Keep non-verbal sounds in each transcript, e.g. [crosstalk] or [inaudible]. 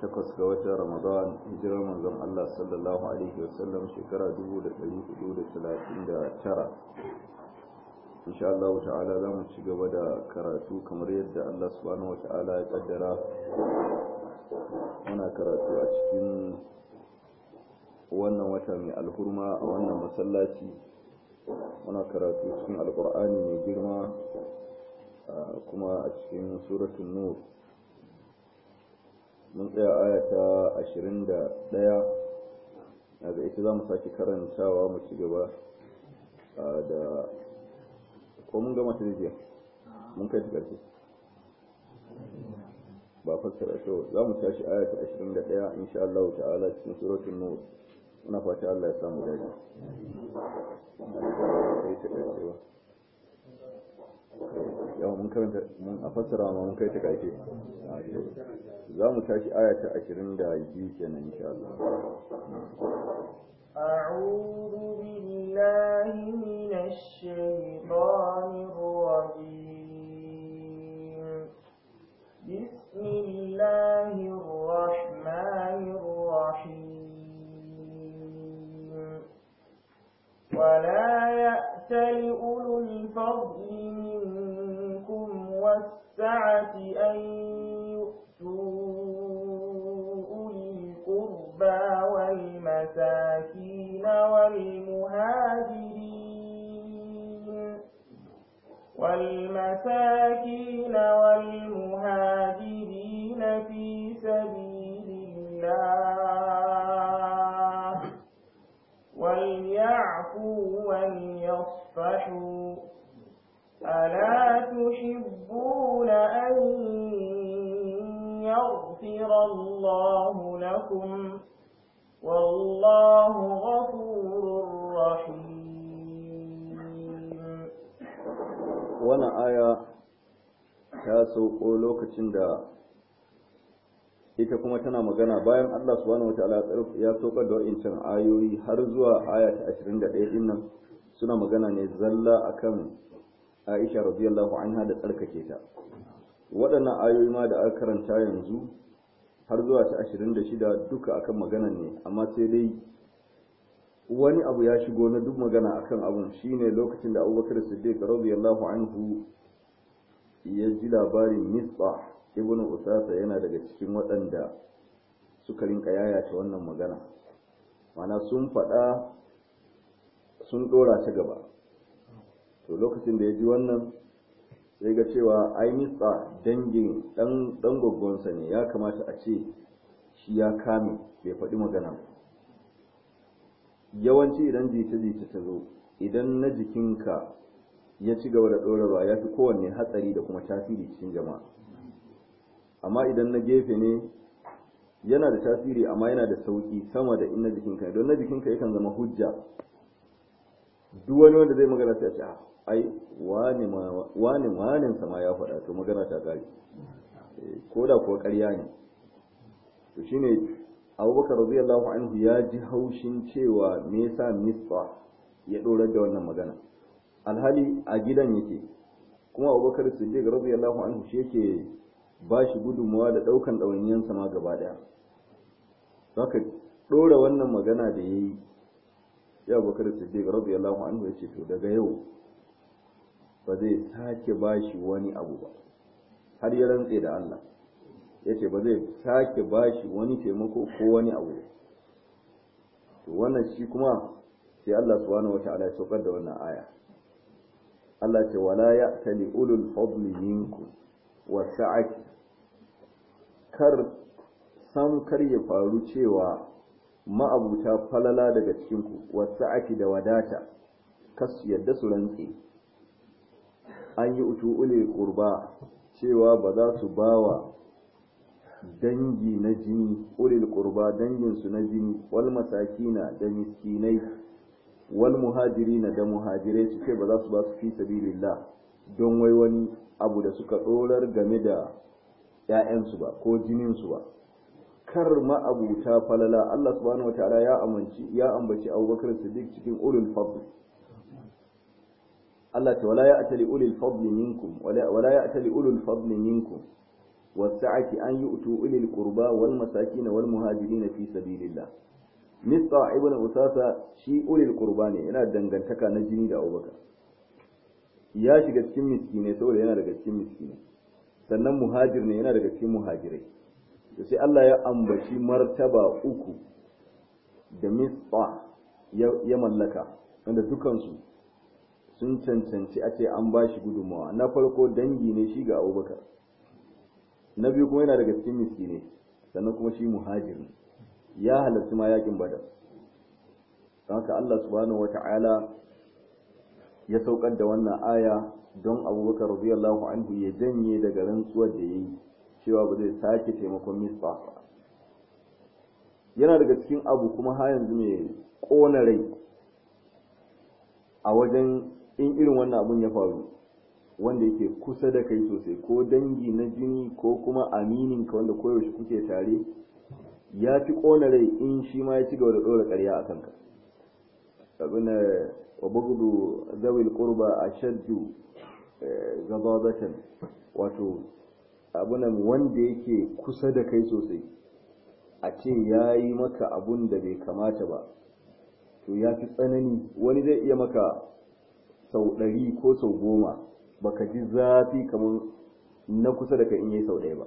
takwas ga watan ramadan hijirar manzon Allah sallallahu alaihi wasallam shekara 1439 insha Allah ta'ala za mu ci gaba da karatu kamar yadda Allah subhanahu wa ta'ala ya kaddara muna karatu a cikin wannan wata mai alhurma a wannan masallaci muna karatu cikin alkur'ani mai girma kuma a cikin suratul nur mun tsaya aya ta ashirin da ɗaya daga ita za mu sake karantawa mu ci gaba da ko mun gama ta jiya mun kai ta ƙarshe ba fassara to za mu tashi aya ta ashirin da ɗaya insha Allah ta'ala cikin suratun nur muna fata Allah ya samu you. yau mun karanta mun a fassara ma mun kai ta kake za mu tashi aya ta 22 kenan insha Allah أعوذ بالله من الشيطان الرجيم بسم الله الرحمن الرحيم ولا يأ حتى لأولو الفضل منكم والسعة أن يؤتوا أولي القربى والمساكين والمهاجرين والمساكين والمهاجرين في سبيل الله يعفوا وليصفحوا ألا تحبون أن يغفر الله لكم والله غفور رحيم وانا آية ta sauko lokacin da ita kuma tana magana bayan Allah subhanahu wataala ya saukar da wa'incin ayoyi har zuwa aya ta 21 din nan suna magana ne zalla akan Aisha radiyallahu anha da tsarkake ta waɗannan ayoyi ma da aka karanta yanzu har zuwa ta 26 duka akan magana ne amma sai dai wani abu ya shigo na duk magana akan abun shine lokacin da Abubakar Siddiq radiyallahu anhu ya ji labarin Misbah ibn usasa yana daga cikin waɗanda suka rinka yayata wannan magana mana sun faɗa sun ɗora ta gaba to lokacin da ya ji wannan sai ga cewa ai mitsa dangin ɗan goggonsa ne ya kamata a ce shi ya kame bai faɗi magana yawanci idan jita-jita ta zo idan na jikinka ya ci gaba da ɗorarwa ya fi kowanne hatsari da kuma tasiri cikin jama'a amma idan na gefe ne yana da tasiri amma yana da sauki sama da ina na jikinka don na jikinka yakan zama hujja duk wani wanda zai magana sai a ce ah, ai wani wani sama ya faɗa to magana ta kare eh, ko da kuwa ƙarya ne to shine abubakar radiyallahu anhu ya ji haushin cewa me yasa misba ya dorar da wannan magana alhali a gidan yake kuma abubakar siddiq radiyallahu anhu shi yake ba shi gudunmawa da ɗaukan ɗawainiyansa ma gaba ɗaya Za ka ɗora wannan magana da ya yi ya bakar rabu radiyallahu anhu ya ce to daga yau ba zai sake ba shi wani abu ba har ya rantse da Allah ya ce ba zai sake ba shi wani taimako ko wani abu to wannan shi kuma sai Allah su subhanahu wata ya saukar da wannan aya Allah ce wala ya ya'tali ulul fadli minkum wa sa'ati kar san kar ya faru cewa ma'abuta falala daga cikinku wasa'ati da wadata kas yadda su rantse an yi utu'ule kurba cewa ba za su bawa dangi na jini ulil kurba danginsu na jini wal masakina da miskinai wal muhajirina da muhajirai su ce ba za su ba su fi sabilillah don wai wani abu da suka dorar game da ‘ya'yansu ba ko jininsu ba kar ta falala Allah subhanahu wataala ya amanci ya ambaci Abubakar Siddiq cikin ulul fadl Allah ta wala ya atali ulul fadl minkum wala atali ulul fadl minkum wasa'ati an yu'tu ulil qurba wal masakin wal muhajirin fi sabilillah Mista ibn Usasa shi ulul qurba ne yana dangantaka na jini da Abubakar ya shiga cikin miskine saboda yana daga cikin miskine sannan muhajir ne yana daga cikin muhajirai to sai Allah ya ambaci martaba uku da misba ya mallaka wanda dukansu sun cancanci a ce an bashi shi gudunmawa na farko dangi ne shi ga abubakar na biyu kuma yana daga cikin miskinai sannan kuma shi muhajir ne ya halarci ma yakin badar don haka Allah subhanahu wata'ala ya saukar da wannan aya don abubakar radiyallahu anhu ya janye daga rantsuwar da ya yi cewa ba zai sake taimakon misba ba yana daga cikin abu kuma har yanzu mai ƙona rai a wajen in irin wannan abun ya faru wanda yake kusa da kai sosai ko dangi na jini ko kuma aminin ka wanda koyaushe kuke tare ya fi ƙona rai in shi ma ya ci gaba da ɗora ƙarya a kanka abin eh, wa bugudu zawil qurba ashaddu Eh, zababatan wato abunan wanda yake kusa da kai sosai a ce ya yi maka abun da bai kamata ba to ya fi tsanani wani zai iya maka sau ɗari ko sau goma baka ji zafi kamar na kusa da kai in yi sau ɗaya ba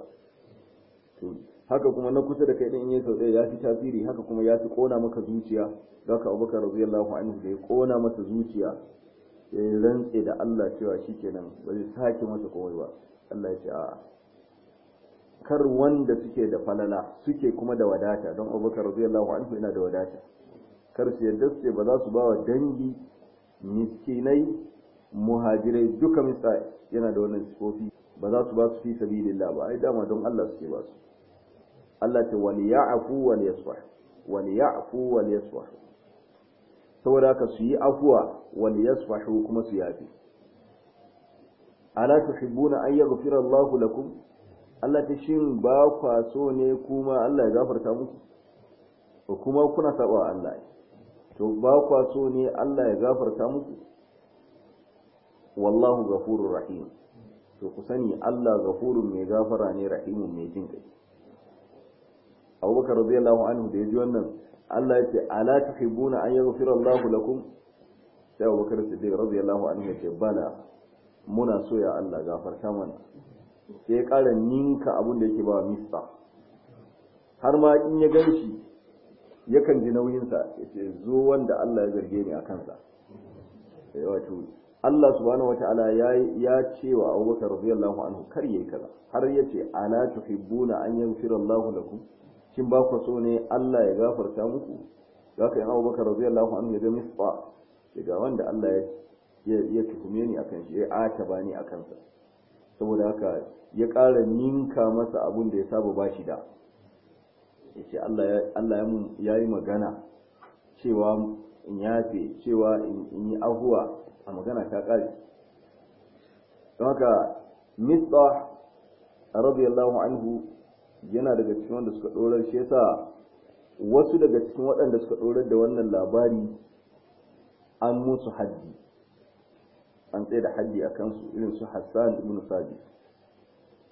haka kuma na kusa da kai in yin sau ɗaya ya fi tasiri haka kuma ya fi ƙona maka zuciya za ka abubakar yallahu anhu da ya ƙona masa zuciya ya yi rantse da Allah cewa shi kenan ba zai sake masa komai ba Allah ya ce a'a kar wanda suke da falala suke kuma da wadata don abubakar radiyallahu anhu yana da wadata kar su yadda su ce ba za su ba wa dangi miskinai muhajirai duka misa yana da wannan sifofi ba za su ba su fi sabilillah ba ai dama don Allah suke ba su Allah ce wal ya'fu wal yasfah wal ya'fu saboda haka su yi afuwa wal yasfahu kuma su yafi ala tuhibbuna an yaghfira Allahu lakum Allah ta shin ba kwa so ne kuma Allah ya gafarta muku ko kuma kuna saba Allah to ba kwa so ne Allah ya gafarta muku wallahu ghafurur rahim to ku sani Allah ghafurun mai gafara ne rahimun mai jin kai Abubakar radiyallahu anhu da ya ji wannan Allah ya ce ala tuhibuna an yaghfira Allah lakum sai Abubakar Siddiq radiyallahu anhu ya ce bala muna so ya Allah gafarta mana sai ya kara ninka abun da yake ba mista har ma in ya ganshi, yakan ji sa, ya ce zo wanda Allah ya zarge ni a kansa eh, wato Allah subhanahu wata'ala ya ya ce wa Abubakar radiyallahu anhu kar yayi kaza har yace ala tuhibuna an yaghfira Allah lakum shin ba ku so ne Allah ya gafarta muku za ka yi abubakar radiyallahu anhu ya ga misfa ga wanda Allah ya tuhume ni akan shi ya ataba ni akan sa saboda haka ya ƙara ninka masa abun da ya saba ba shi da ya ce Allah ya yi magana cewa in yafe cewa in yi ahuwa a magana ta ƙare don haka misbah radiyallahu anhu yana daga cikin wanda suka ɗorar shi yasa wasu daga cikin waɗanda suka ɗorar da wannan labari an musu haddi an tsaye da haddi a kansu irin su hassan ibn sabi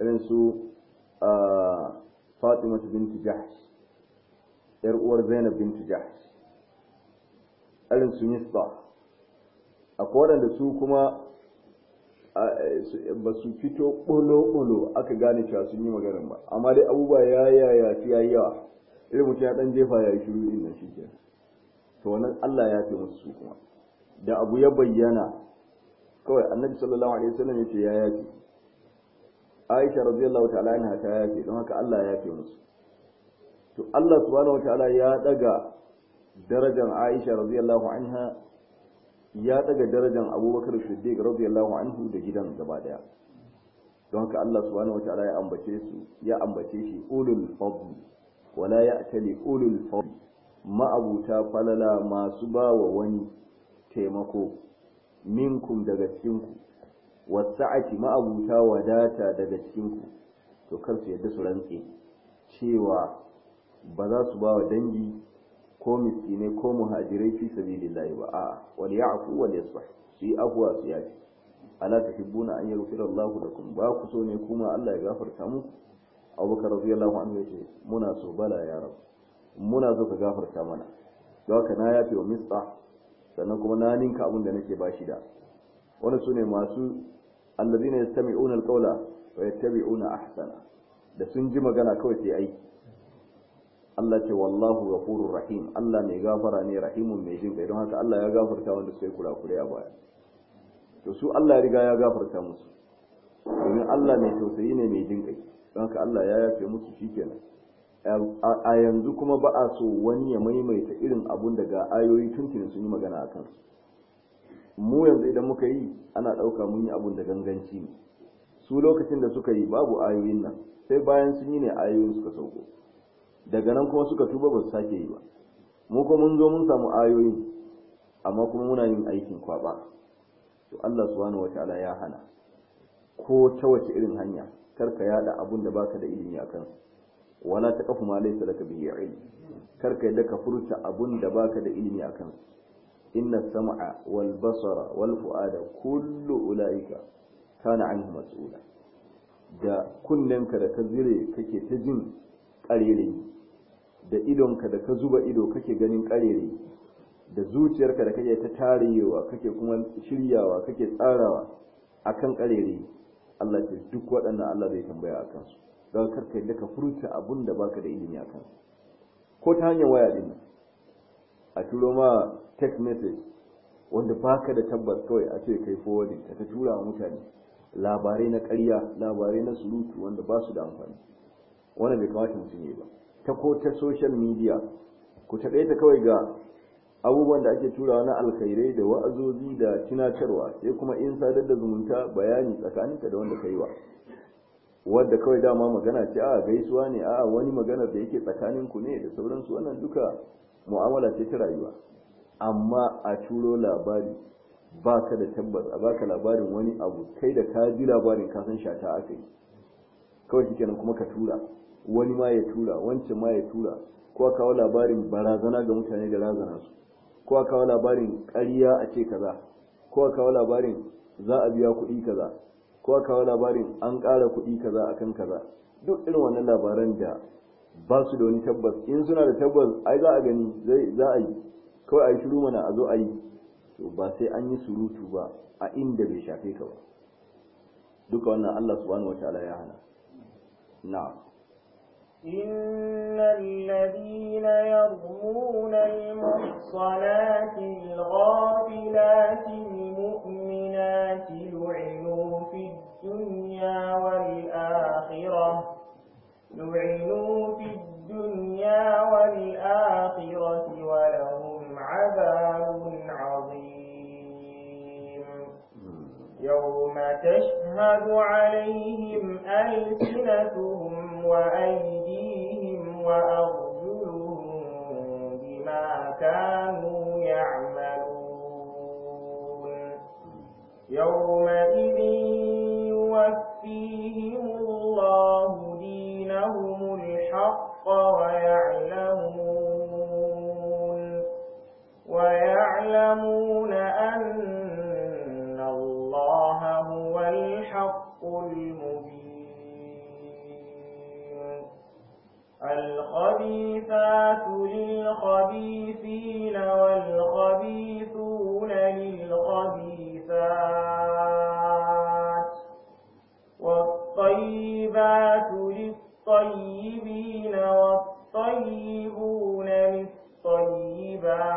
irin su fatima binti jahsh yar uwar zainab binti jahsh irin su misbah akwai waɗanda su kuma ba su fito ɓolo-ɓolo aka gane cewa sun yi maganin ba amma dai abubuwa ya yaya fi ya yawa irin mutum ya ɗan jefa ya yi shiru din nan shi kenan to wannan Allah ya fi musu su kuma da abu ya bayyana kawai annabi sallallahu alaihi wasallam ce ya yafi Aisha radiyallahu ta'ala anha ta yafi don haka Allah ya fi musu to Allah subhanahu wataala ya daga darajar Aisha radiyallahu anha ya daga darajar abubakar siddiq radiyallahu anhu da gidan gaba daya don haka Allah subhanahu wataala ya ambace su ya ambace shi ulul fadl wala ya'tali ulul fadl ma'abuta falala masu bawa wani taimako minkum daga cikinku wasa'ati ma'abuta wadata daga cikinku to kar su yadda su rantse cewa ba za su ba wa dangi ko miskinai ko muhajirai fi sabilillahi ba a'a wal ya'fu wal yasfah fi afwa su yafi ala tuhibbuna an yaghfira Allah lakum ba ku so ne kuma Allah ya gafarta muku Abubakar radiyallahu anhu yace muna so bala ya rabu muna so ka gafarta mana don haka na yafe wa misbah sannan kuma na ninka abin da nake shi da wani sune masu allazina yastami'una alqawla wa yattabi'una ahsana da sun ji magana kawai sai aiki Allah ce wallahu ghafurur rahim Allah mai gafara ne rahimun mai jin don haka Allah ya gafarta wanda suka yi kurakure a baya to su Allah ya riga ya gafarta musu domin Allah mai tausayi ne mai jin kai don haka Allah ya yafe musu shikenan a yanzu kuma ba a so wani ya maimaita irin abun da ga ayoyi tuntuni sun yi magana akan mu yanzu idan muka yi ana ɗauka mun yi abun da ganganci ne su lokacin da suka yi babu ayoyin nan sai bayan sun yi ne ayoyin suka sauko daga nan kuma suka tuba ba su sake yi ba mu kuma mun zo mun samu ayoyin amma kuma muna yin aikin kwaba to Allah subhanahu wataala ya hana ko ta wace irin hanya kar ka yada abun da baka da ilimi akan wala kafu ma laysa laka bihi ilmi kar ka yadda ka furta abun da baka da ilimi akan inna sam'a wal basara wal fu'ada kullu ulaika kana anhu mas'ula da kunnenka da ka zire kake ta jin ƙarere da idonka da ka zuba ido kake ganin karere da zuciyarka da kake ta tarewa kake kuma shiryawa kake tsarawa akan karere Allah ce duk waɗannan Allah zai tambaya akan su don karka yadda ka furta abun da baka da ilimi akan su ko ta hanyar waya din a turo ma text message wanda baka da tabbas kawai a ce kai forwarding ka ta tura wa mutane labarai na karya, labarai na surutu wanda ba su da amfani wannan bai kamata mutum ya yi ba ta ko ta social media ku ta kawai ga abubuwan da ake turawa na alkhairai da wa'azozi da tunatarwa sai kuma in sadar da zumunta bayani tsakaninka da wanda ka yi wa wadda kawai dama magana ce a gaisuwa ne a wani magana da yake tsakaninku ne da sauransu wannan duka mu'amala ce ta rayuwa amma a turo labari ba ka da tabbas a baka labarin wani abu kai da ka ji labarin ka san shata aka yi kawai shikenan kuma ka tura wani ma ya tura wancan ma ya tura ko a kawo labarin barazana ga mutane da razana su ko a kawo labarin ƙarya a ce kaza ko a kawo labarin za a biya kuɗi kaza ko a kawo labarin an ƙara kuɗi kaza akan kaza duk irin wannan labaran da ba su da wani tabbas in suna da tabbas ai za a gani za a yi kawai a yi shiru mana a zo a yi to ba sai an yi surutu ba a inda bai shafe ka ba duka wannan Allah subhanahu wataala ya hana na'am إن الذين يرمون المحصنات الغافلات المؤمنات لعنوا في الدنيا والآخرة لعنوا في الدنيا والآخرة ولهم عذاب عظيم يوم تشهد عليهم ألسنتهم وأيديهم وأرجلهم بما كانوا يعملون يومئذ يوفيهم الله دينهم الحق ويعلمون ويعلمون أن الله هو الحق المبين الخبيثات للخبيثين والخبيثون للخبيثات والطيبات للطيبين والطيبون للطيبات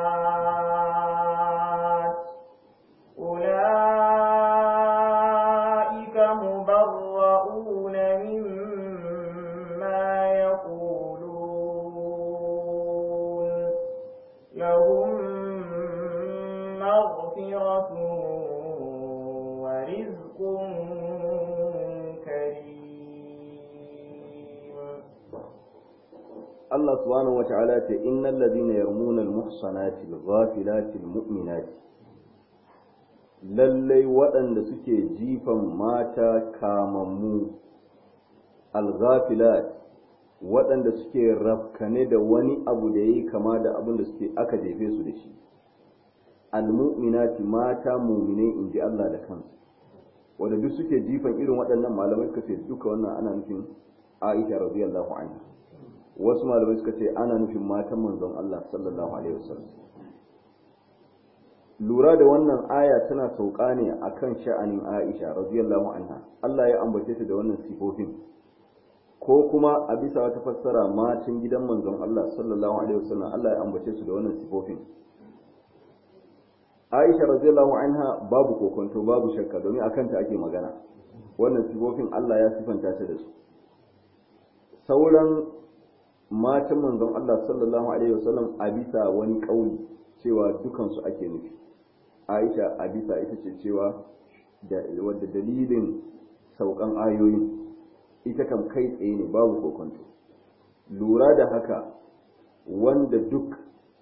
صدقة ورزق كريم الله سبحانه وتعالى إن الذين يرمون المحصنات الغافلات المؤمنات lallai waɗanda suke jifan mata kamammu alghafilat waɗanda suke rafkane da wani abu da ya yi kama da abin da suke aka jefe su da shi almu'minati mata mu'minai in ji Allah da kansu wanda duk suke jifan irin waɗannan malamai suka ce duka wannan ana nufin Aisha radiyallahu anha wasu malamai suka ce ana nufin matan manzon Allah sallallahu alaihi wasallam lura da wannan aya tana sauka ne akan sha'anin Aisha radiyallahu anha Allah ya ambace ta da wannan sifofin ko kuma a bisa wata fassara matan gidan manzon Allah sallallahu alaihi wasallam Allah ya ambace su da wannan sifofin Aisha radiyallahu anha babu kokonto babu shakka domin akan ta ake magana wannan sifofin Allah ya sifanta ta da su sauran matan manzon Allah sallallahu alaihi wasallam a bisa wani kauli cewa dukan su ake nufi Aisha a bisa ita ce cewa da wadda dalilin saukan ayoyin ita kam kai tsaye ne babu kokonto lura da haka wanda duk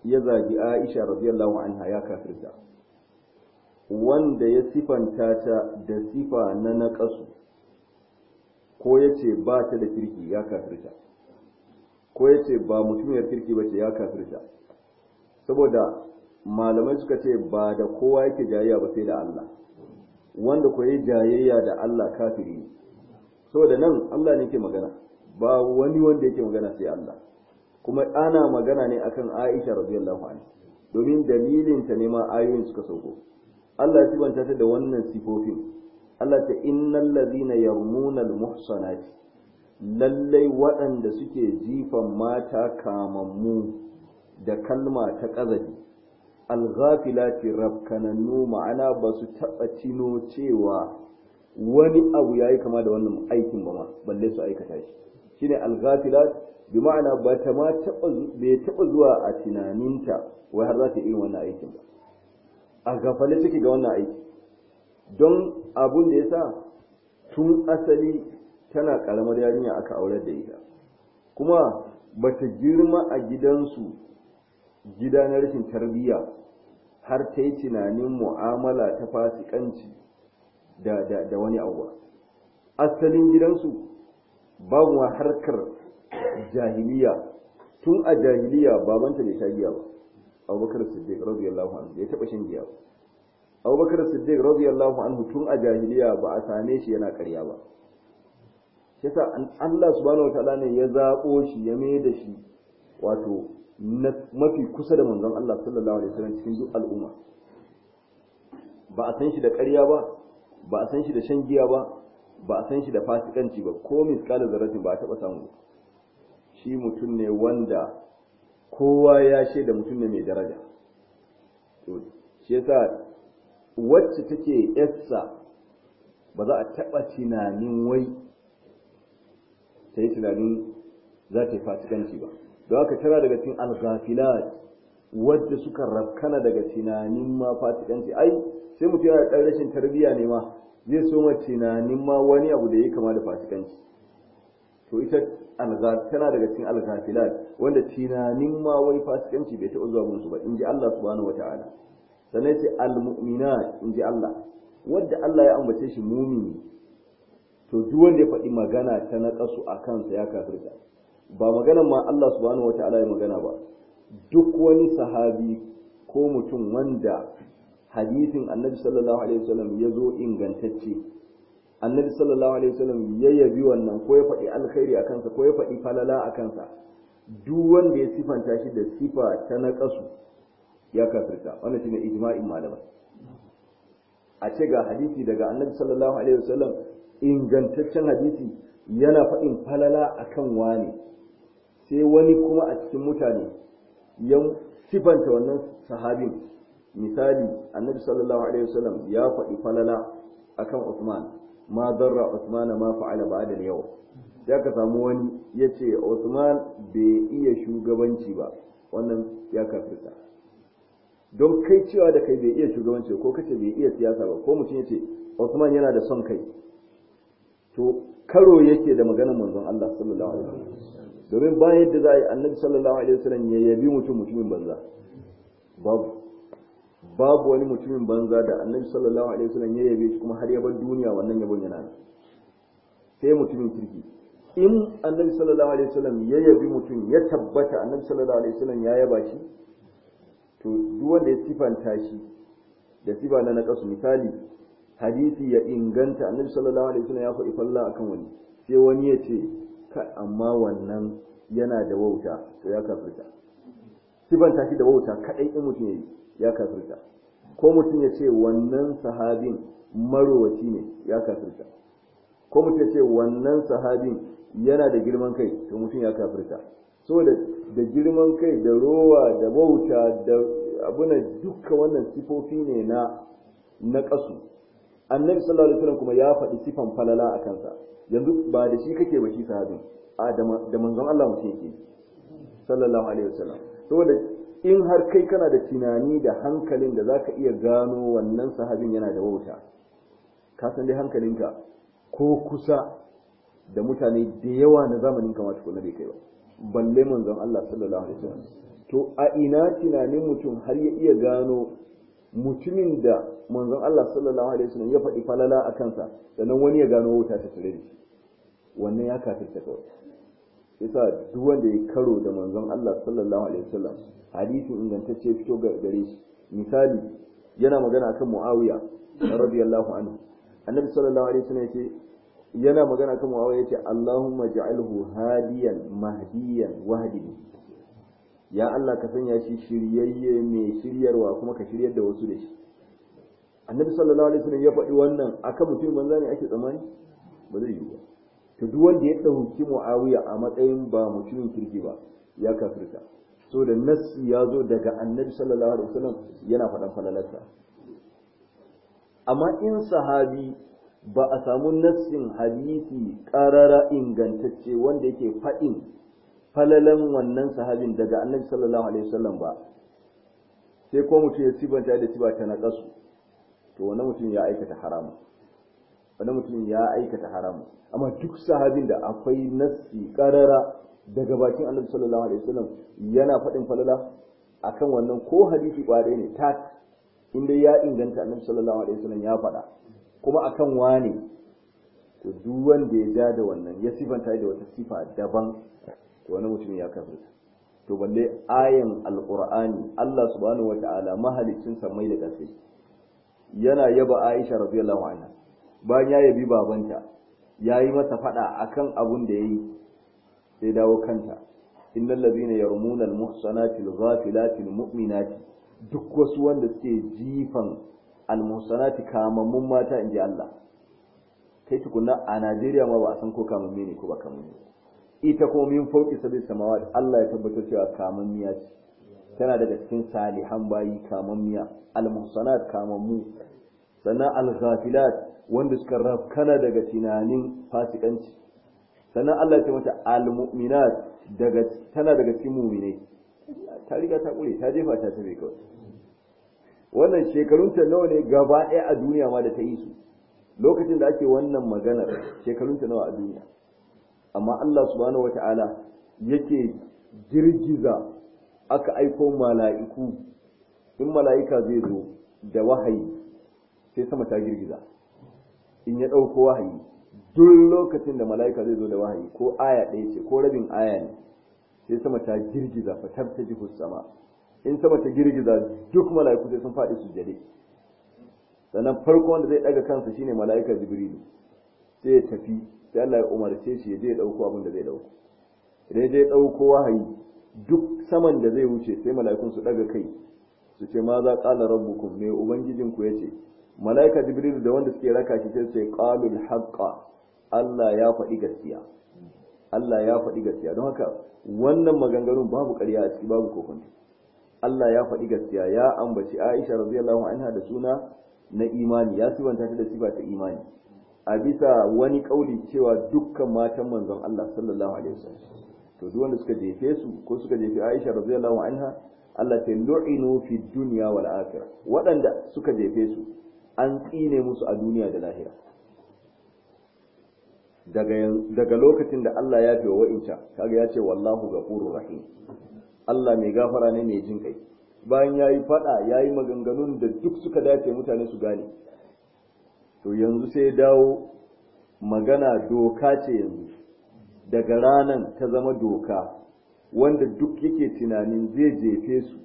ya zagi Aisha radiyallahu anha ya kafirta wanda ya sifanta ta da sifa na naƙasu ko ya ce ba ta da kirki ya kafirta ko ya ce ba mutum ya kirki ba ce ya kafirta saboda malamai suka ce ba da kowa yake jayayya ba sai da Allah wanda ko yi jayayya da Allah kafiri ne saboda nan Allah ne ke magana ba wani wanda yake magana sai Allah kuma ana magana ne akan Aisha radiyallahu anha domin dalilin ta ne ma ayoyin suka sauko Allah ya sibanta ta da wannan sifofin Allah ta innal ladina yarmuna al muhsanati lallai waɗanda suke jifan mata kamammu da kalma ta ƙazafi alghafilati rafkanannu ma'ana ba su taɓa tino cewa wani abu ya yi kama da wannan aikin ba ma balle su aikata shi shine alghafilat bi ma'ana ba ta ma taɓa zuwa a tunaninta wai har za ta irin wannan aikin ba a gafale suke ga wannan aiki don abun da ya sa tun asali tana karamar yarinya aka aurar da ita kuma ba ta girma a gidansu gida na rashin tarbiyya har ta yi tunanin mu'amala ta fasikanci da, da, da wani abuwa asalin gidansu babu harkar jahiliya tun a jahiliya babanta da sha giya ba abubakar siddiq radiyallahu anhu ya taba shan giya abubakar siddiq radiyallahu anhu tun a jahiliya ba a same shi yana karya ba yasa Allah subhanahu wataala ne ya zabo shi ya mai da shi wato mafi kusa da manzon Allah sallallahu alaihi wasallam cikin duk al'umma ba a san shi da karya ba ba a san shi da shan giya ba ba a san shi da fasikanci ba ko miskalin zarafin ba a taɓa samu shi mutum ne wanda kowa ya shaida mutum ne mai daraja to shi yasa wacce take yassa ba za a taɓa tunanin wai ta yi tunanin za ta yi fasikanci ba don haka tana daga cikin alghafilat wadda suka rakkana daga tunanin ma fasikanci ai sai mutum yana ɗan rashin tarbiyya ne ma zai so ma tunanin ma wani abu da ya kama da fasikanci to ita tana daga cikin alghafilat wanda tunanin ma wai fasikanci bai taɓa zuwa musu ba in ji Allah subhanahu wataala sannan ce almu'mina in Allah Wanda Allah ya ambace shi mumini to duk wanda ya faɗi magana ta na kasu a kansa ya kafirta ba magana ma Allah subhanahu wataala ya magana ba duk wani sahabi ko mutum wanda hadisin annabi sallallahu alaihi wasallam ya zo ingantacce annabi sallallahu alaihi wasallam ya yabi wannan ko ya faɗi alkhairi a kansa ko ya faɗi falala a kansa duk wanda ya sifanta shi da sifa ta naƙasu ya kafirta wannan shine ijma'in malama a ce ga hadisi daga annabi sallallahu alaihi wasallam ingantaccen hadisi yana faɗin falala akan wani sai wani kuma a cikin mutane ya sifanta wannan sahabin misali annabi sallallahu alaihi wasallam ya faɗi falala akan Uthman ma zarra Usman ma fa'ala ba'da al-yawm sai ka samu wani yace Usman bai iya shugabanci ba wannan ya kafirta don kai cewa da kai bai iya shugabanci ko kace bai iya siyasa ba ko mutum yace Usman yana da son kai to karo yake da maganar manzon Allah sallallahu alaihi wasallam domin ba yadda za a yi annabi sallallahu alaihi wasallam ya yabi mutum mutumin banza babu babu wani mutumin banza da annabi sallallahu alaihi wasallam ya yabe shi kuma har ya bar duniya wannan yabon yana nan sai mutumin kirki in annabi sallallahu alaihi wasallam ya yabi mutum ya tabbata annabi sallallahu alaihi wasallam ya yaba shi to duk wanda ya sifanta shi da sifa na naqas misali hadisi ya inganta annabi sallallahu alaihi wasallam ya faɗi falla akan wani sai wani ya ce ka amma wannan yana da wauta to ya kafirta sifanta shi da wauta kadai in mutum yayi ya kafirta ko mutum ya ce wannan sahabin marowaci ne ya kafirta ko mutum ya ce wannan sahabin yana da girman kai to mutum ya kafirta saboda da girman kai da rowa da bauta da abuna, duka wannan sifofi ne na na kasu annabi sallallahu alaihi wasallam kuma ya faɗi sifan falala a kansa yanzu ba da shi kake ba shi sahabin a da manzon Allah mutum yake sallallahu alaihi wasallam saboda in har kai kana da tunani da hankalin da zaka iya gano wannan sahabin yana da wauta ka san dai hankalinka ko kusa da mutane da yawa na zamanin kama tukuna bai kai ba balle manzon Allah sallallahu alaihi wasallam to a ina tunanin mutum har ya iya gano mutumin da manzon Allah sallallahu alaihi wasallam ya faɗi falala a kansa sannan wani ya gano wauta ta tare da shi wannan ya kafirta kawai yasa duk wanda ya karo da manzon Allah sallallahu alaihi wasallam hadisi ingantacce fito gare shi misali yana magana akan Muawiya radiyallahu anhu annabi sallallahu alaihi wasallam yace yana magana akan Muawiya yace Allahumma ja'alhu hadiyan mahdiyan wahdini ya Allah ka sanya shi shiryayye mai shiryarwa kuma ka shiryar da wasu da shi annabi sallallahu alaihi wasallam ya faɗi wannan akan mutum banza ne ake tsammani ba zai yi ba to duk wanda ya ɗauki muawiya a matsayin ba mutumin kirki ba ya kafirta so da nassi ya zo daga annabi sallallahu alaihi wasallam yana faɗan falalarsa amma in sahabi ba a samu nassin hadisi ƙarara ingantacce wanda yake faɗin falalan wannan sahabin daga annabi sallallahu alaihi wasallam ba sai ko mutum ya sibanta da siba ta kasu to wannan mutum ya aikata haramun wani mutumin ya aikata haramu amma duk sahabin da akwai nassi karara daga bakin annabi sallallahu alaihi wasallam yana faɗin falala akan wannan ko hadisi kware ne ta inda ya inganta annabi sallallahu alaihi wasallam ya faɗa kuma akan wane to duk wanda ya ja da wannan ya sifanta da wata sifa daban to wani mutum ya kafirta to balle ayan alqur'ani Allah subhanahu wataala mahalicin samai da ƙasa yana yaba Aisha radiyallahu anha bayan ya yabi babanta ya yi masa faɗa akan abun da ya yi sai dawo kanta innal ladhina yarmuna al muhsanati al ghafilati al mu'minati duk wasu wanda suke jifan al muhsanati kamammun mata inji Allah kai tukunna a Najeriya ma ba a san ko kamamme ne ko ba kamamme ita ko min fauki sabi samawa Allah ya tabbatar cewa kamammiya ce tana daga cikin salihan bayi kamammiya al muhsanat kamammu sannan al ghafilat wanda suka rafkana daga tunanin fasikanci sannan Allah ce mata almu'minat daga tana daga cikin mu'mine ta riga ta kure ta jefa ta tabe kawai wannan shekarun ta nawa ne gaba ɗaya a duniya ma da ta yi su lokacin da ake wannan magana shekarun ta nawa a duniya amma Allah subhanahu wata'ala yake girgiza aka aiko mala'iku in mala'ika zai zo da wahayi sai sama ta girgiza in ya ɗauko wahayi duk lokacin da mala'ika zai zo da wahayi ko aya ɗaya ce ko rabin aya ne sai sama ta girgiza fatar ta jihu sama in sama ta girgiza duk mala'iku sai sun faɗi su jade sannan farko wanda zai ɗaga kansa shine mala'ika jibrilu sai ya tafi sai Allah ya umarce shi ya je ya ɗauko abin da zai ɗauko idan ya ya ɗauko wahayi duk saman da zai wuce sai mala'ikun su ɗaga kai su ce ma za ƙala rabbukum me ubangijinku ya ce malaika jibril da wanda suke raka shi sai ce qalul haqqa Allah ya faɗi gaskiya Allah ya faɗi gaskiya don haka wannan maganganun babu ƙarya a ciki babu kokunta Allah ya faɗi gaskiya ya ambaci Aisha radiyallahu anha da suna na imani ya siwanta ta da sifa ta imani a bisa wani kauli cewa dukkan matan manzon Allah sallallahu alaihi wasallam to duk wanda suka jefe su ko suka jefe Aisha radiyallahu anha Allah ta lu'inu fi dunya wal akhirah waɗanda suka jefe su an tsine musu a duniya da lahira daga lokacin da Allah ya fi wa wa'inta kaga ya ce wallahu gafurur rahim Allah mai gafara ne mai jin kai bayan ya yi faɗa ya yi maganganun da duk suka dace mutane su gane to yanzu sai dawo magana doka ce yanzu daga ranan ta zama doka wanda duk yake tunanin zai jefe su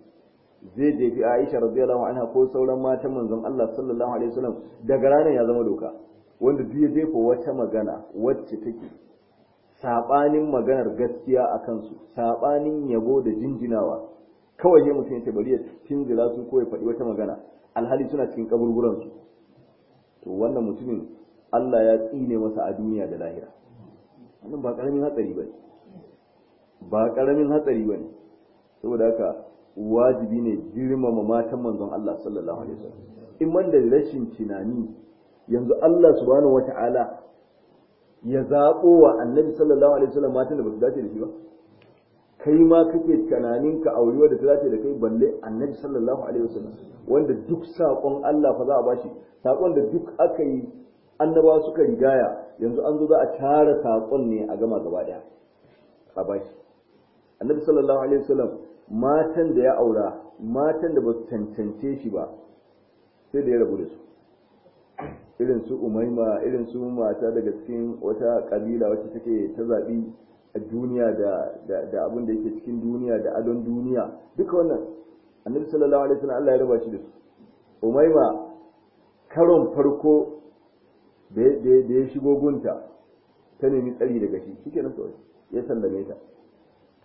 zai jefi Aisha radiyallahu anha ko sauran matan manzon Allah sallallahu alaihi wasallam daga ranar ya zama doka wanda duk ya jefa wata magana wacce take Saɓanin maganar gaskiya a kansu Saɓanin yabo da jinjinawa kawai ya mutum ya ce bari ya tinzira su ko ya faɗi wata magana alhali suna cikin kaburburan su to wannan mutumin Allah ya tsine masa a duniya da lahira wannan ba karamin hatsari bane ba karamin hatsari bane saboda haka wajibi ne girmama matan manzon Allah sallallahu alaihi wasallam in man da rashin tunani yanzu Allah subhanahu wata'ala ya zaɓo wa annabi sallallahu alaihi wasallam matan da ba su dace da shi ba kai ma kake tunanin ka aure wadda ta dace da kai balle annabi sallallahu alaihi wasallam wanda duk saƙon Allah fa za a bashi saƙon da duk aka yi annabawa suka rigaya yanzu an zo za a tara saƙon ne a gama gaba daya a bashi annabi sallallahu alaihi wasallam matan da ya aura matan da ba su cancance shi ba sai da ya rabu da su irin su umaima irin su mata daga cikin wata kabila wacce take ta zaɓi a duniya da abin da yake cikin duniya da adon duniya duka wannan annabi sallallahu alaihi wasallam Allah ya raba shi da su umaima karon farko da ya shigo gunta ta nemi tsari daga shi shikenan kawai ya sallame ta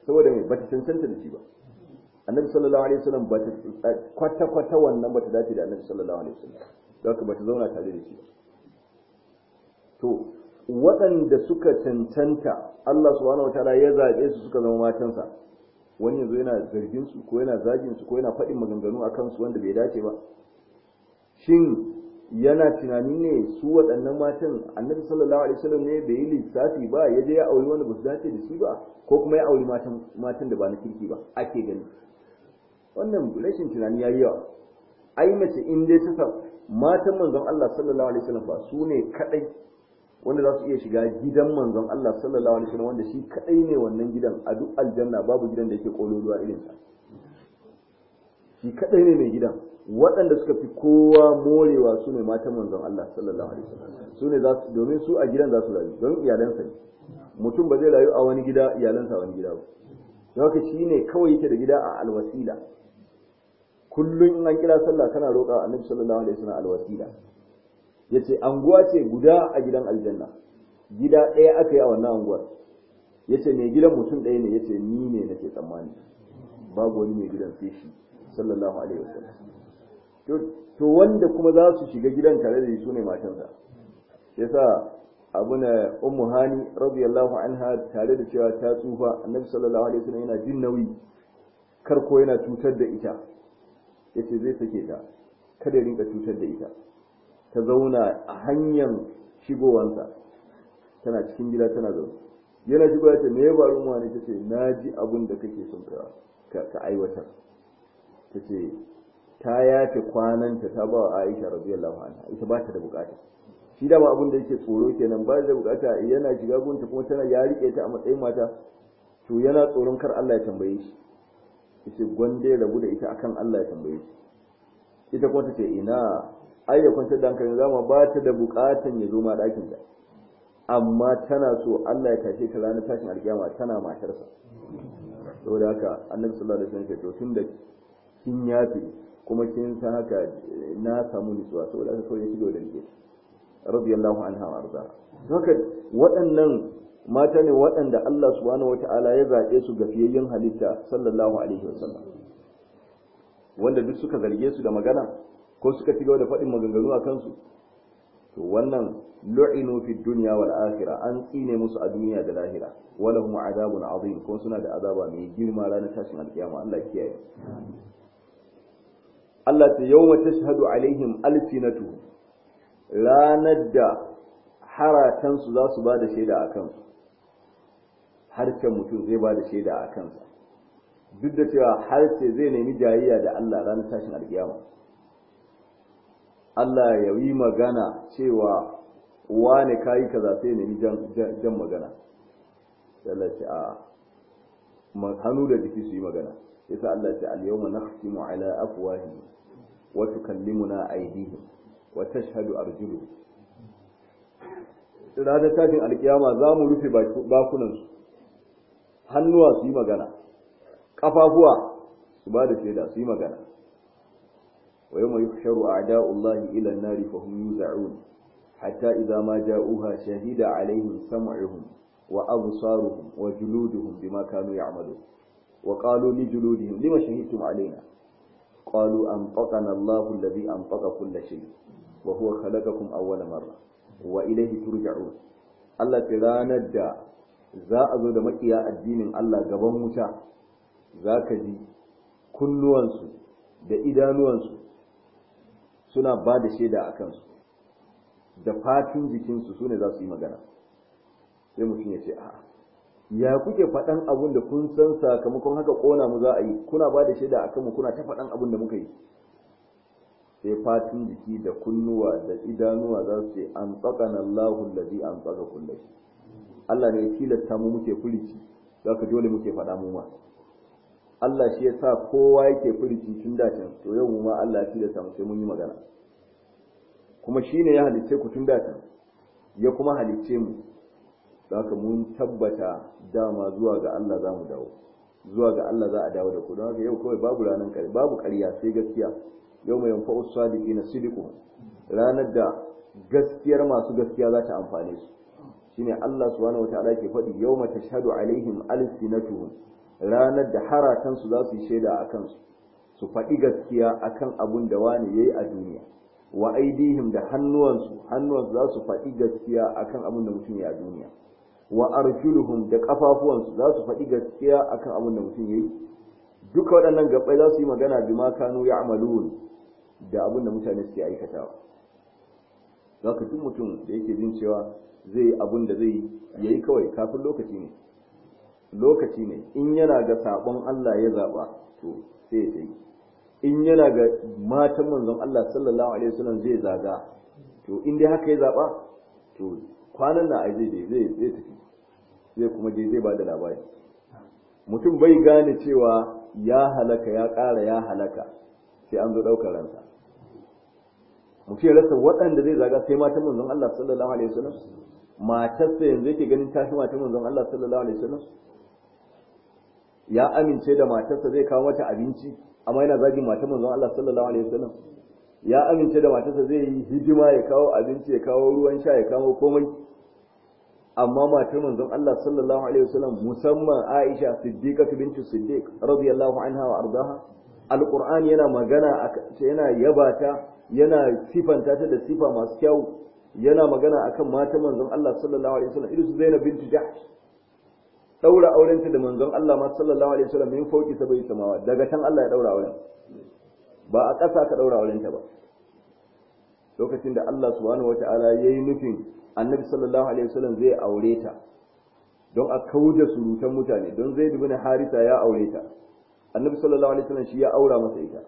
saboda mai bata cancanta da shi ba annabi sallallahu alaihi wasallam ba ta eh, kwata kwata wannan ba ta dace da annabi sallallahu alaihi wasallam zaka ba ta zauna tare da shi to waɗanda suka cancanta Allah subhanahu wataala ya zaɓe su suka zama matansa wani yanzu yana zargin su ko yana zagin su ko yana faɗin maganganu a kansu wanda bai dace ba shin yana tunani ne su waɗannan matan annabi sallallahu alaihi wasallam ne bai yi lissafi ba ya je ya auri wanda ba su dace da shi ba ko kuma ya auri matan matan da ba na kirki ba ake gani wannan rashin tunani ya yi yawa ai mace in dai ta matan manzon Allah sallallahu alaihi wasallam ba su ne kadai wanda za su iya shiga gidan manzon Allah sallallahu alaihi wasallam wanda shi kadai ne wannan gidan a duk aljanna babu gidan da yake kololuwa irin sa shi kadai ne mai gidan waɗanda suka fi kowa morewa su ne matan manzon Allah sallallahu alaihi wasallam su ne za su domin su a gidan za su rayu don iyalansa ne mutum ba zai rayu a wani gida iyalansa wani gida ba don haka shi ne kawai yake da gida a alwasila kullum in an kira sallah kana roƙa annabi sallallahu alaihi wasallam alwasila yace anguwa ce guda a gidan aljanna gida ɗaya aka yi a wannan anguwar yace mai gidan mutum ɗaya ne yace ni ne nake tsammani babu wani mai gidan sai shi sallallahu alaihi wasallam to wanda kuma za su shiga gidan tare da su ne matansa yasa abu na eh, ummu hani radiyallahu anha tare da cewa ta tsufa annabi sallallahu alaihi wasallam yana jin nauyi karko yana cutar da ita yace zai sake ta kada rinka cutar da ita ta zauna a hanyar shigowansa tana cikin gida tana zaune yana shigo ya ce me ya faru ta ce na ji abin da kake son ka aiwatar ta ce ta yafe kwananta ta ba wa Aisha radiyallahu anha ita ba ta da bukata shi da ba abin da yake tsoro kenan ba da bukata yana shiga gunta kuma tana ya rike ta a matsayin mata to yana tsoron kar Allah ya tambaye shi yace gwande rabu da ita akan Allah ya tambaye shi ita kuma tace ina ai ya kwanta da hankali zama ba ta da bukatan ya zo ma dakin ta amma tana so Allah ya tashe ta ranar tashin alkiyama tana matarsa saboda haka annabi sallallahu alaihi wasallam ya ce to tunda kin yafi kuma kin san haka na samu nutsuwa saboda haka kawai ya shigo da rike radiyallahu anha wa arda haka waɗannan mata ne waɗanda Allah subhanahu wata'ala ya zaɓe su gafiyayyen halitta sallallahu alaihi wasallam wanda duk suka zarge su da magana ko suka ci gaba da faɗin maganganu a kansu to wannan lu'inu fi dunya wal akhirah an tsine musu a duniya da lahira walahum adabun azim ko suna da azaba mai girma ranar tashin alkiyama Allah kiyaye Allah ta yawma tashhadu alaihim alsinatu ranar da haratansu za su ba da shaida a kansu harshen mutum zai ba da shaida a kansa duk da cewa harshe zai nemi jayayya da Allah ranar tashin alkiyama Allah ya yi magana cewa wane kayi kaza sai nemi jan magana Allah ce a hannu da jiki su yi magana yasa Allah ce al-yawma nakhtimu ala afwahihim wa tukallimuna aydihim wa tashhadu arjuluhum ranar tashin alkiyama za mu rufe bakunansu hannuwa su yi magana kafafuwa su ba da shaida su yi magana wa yawma yuhsharu a'da'ullahi ila nari fa hum yuz'un hatta idza ma ja'uha shahida 'alayhim sam'uhum wa absaruhum wa juluduhum bima kanu ya'malun wa qalu li juludihim lima shahidtum 'alaina qalu anfaqana Allahu alladhi anfaqa kulla shay wa huwa khalaqakum awwala marra wa ilayhi turja'un Allah ta ranar da za a zo da makiya addinin Allah gaban wuta za ka ji kunnuwansu da idanuwansu suna ba da shaida a kansu da fatin jikinsu su ne za su yi magana sai mutum ya ce a'a ya kuke faɗan abun da kun san sakamakon haka ƙona mu za a yi kuna ba da shaida a kanmu kuna ta faɗan abun da muka yi sai fatin jiki da kunnuwa da idanuwa za su ce an tsakanan lahun allazi an tsaka kullashi Allah ne ya tilasta mu muke furici ka dole muke faɗa mu ma Allah shi ya sa kowa yake furici tun da can to yau ma Allah ya tilasta mu sai mun yi magana kuma shi ne ya halicce ku tun da can ya kuma halicce mu Za ka mun tabbata dama zuwa ga Allah za mu dawo zuwa ga Allah za a dawo da ku don haka yau kawai babu ranar ƙarya babu ƙarya sai gaskiya yau mai yanfa'u sadiqina sidiqu ranar da gaskiyar masu gaskiya za ta amfane su shine Allah subhanahu wataala ke faɗi yawma tashhadu alaihim alsinatuhum ranar da haratan su za su yi shaida a kansu su faɗi gaskiya akan abun da wani yayi a duniya wa aidihim da hannuwansu hannuwansu za su faɗi gaskiya akan abun da mutum ya a duniya wa arjuluhum da kafafuwansu za su faɗi gaskiya akan abun da mutum yayi duka waɗannan gabbai za su yi magana bima kanu ya'malun da abun da mutane suke aikatawa Lokacin mutum da yake jin cewa zai yi abin da zai ya yi kawai kafin lokaci ne lokaci ne in yana ga sabon Allah ya zaɓa to sai ya yi in yana ga matan manzon Allah sallallahu alaihi wasallam zai zaga to in dai haka ya zaɓa to kwanan na a zai zai zai tafi zai kuma je zai bada labari mutum bai gane cewa ya halaka ya ƙara ya halaka sai an zo ɗaukar ransa mutum ya rasa waɗanda zai zaga sai matan manzon Allah sallallahu alaihi wasallam matarsa yanzu yake ganin tashi matan manzon Allah sallallahu alaihi wasallam ya amince da matarsa zai kawo mata abinci amma yana zagin matan manzon Allah sallallahu alaihi wasallam ya amince da matarsa zai yi hidima ya kawo abinci ya kawo ruwan sha ya kawo komai amma matar manzon Allah sallallahu alaihi wasallam musamman Aisha Siddiqatu bintu Siddiq radiyallahu anha wa ardaha alqur'ani yana magana yana yabata yana sifanta ta da sifa masu kyau yana magana akan matan manzon Allah sallallahu alaihi wasallam irin Zainab bint Jahsh daura aurenta da manzon Allah ma sallallahu alaihi wasallam min fauki sabai samawa daga can Allah ya daura auren ba a ƙasa ka daura aurenta ba lokacin da Allah subhanahu wataala yayi nufin annabi sallallahu alaihi wasallam zai aure ta don a kauda surutan mutane don Zaid ibn Harisa ya aure ta annabi sallallahu alaihi wasallam shi ya aura masa ita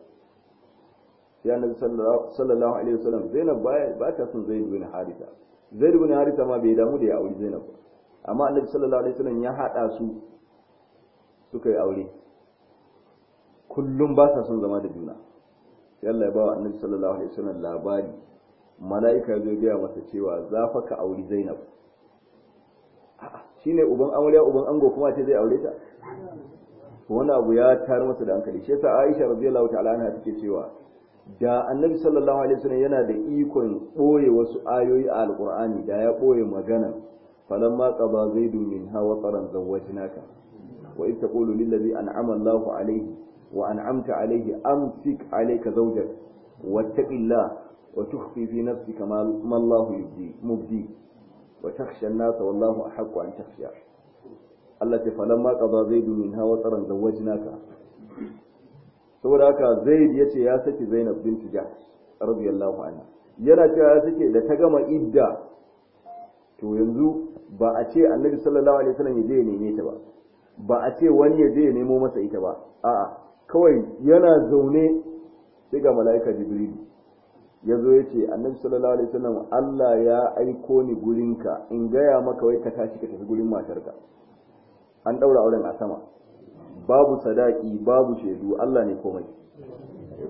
sai nabi sallallahu alaihi wasallam zainab ba ta son zaid bin harisa zaid bin harisa ma bai damu da ya aure zainab ba amma annabi sallallahu alaihi wasallam ya hada su suka yi aure kullum ba ta son zama da juna sai Allah ya ba wa annabi sallallahu alaihi wasallam labari mala'ika zai gaya masa cewa za fa ka auri zainab shine uban amarya uban ango kuma ce zai aure ta wani abu ya tar masa da hankali shi yasa Aisha radiyallahu ta'ala anha take cewa da annabi sallallahu alaihi wasallam yana da ikon boye wasu ayoyi a alkur'ani da ya boye magana falamma qada zaidun min hawa qaran zawwajnaka wa idh taqulu lil ladhi an'ama Allahu alayhi wa an'amta alayhi amsik alayka zawjak wattaqillah wa tukhfi fi nafsika ma Allahu yubdi mubdi wa takhsha an-nasa wallahu ahaqqu an takhsha Allah ta falamma qada zaidun min hawa qaran zawwajnaka saboda haka zaid ya ce ya saki zainab bin jahsh radiyallahu anha yana cewa ya saki da ta gama idda to yanzu ba a ce annabi sallallahu alaihi wasallam ya je ya neme ta ba ba a ce wani ya je ya nemo masa ita ba a'a kawai yana zaune sai ga mala'ika jibril ya zo ya ce annabi sallallahu alaihi wasallam Allah ya aiko ni gurinka in gaya maka wai ka tashi ka tafi gurin matarka an daura auren a sama babu sadaki babu shaidu Allah ne komai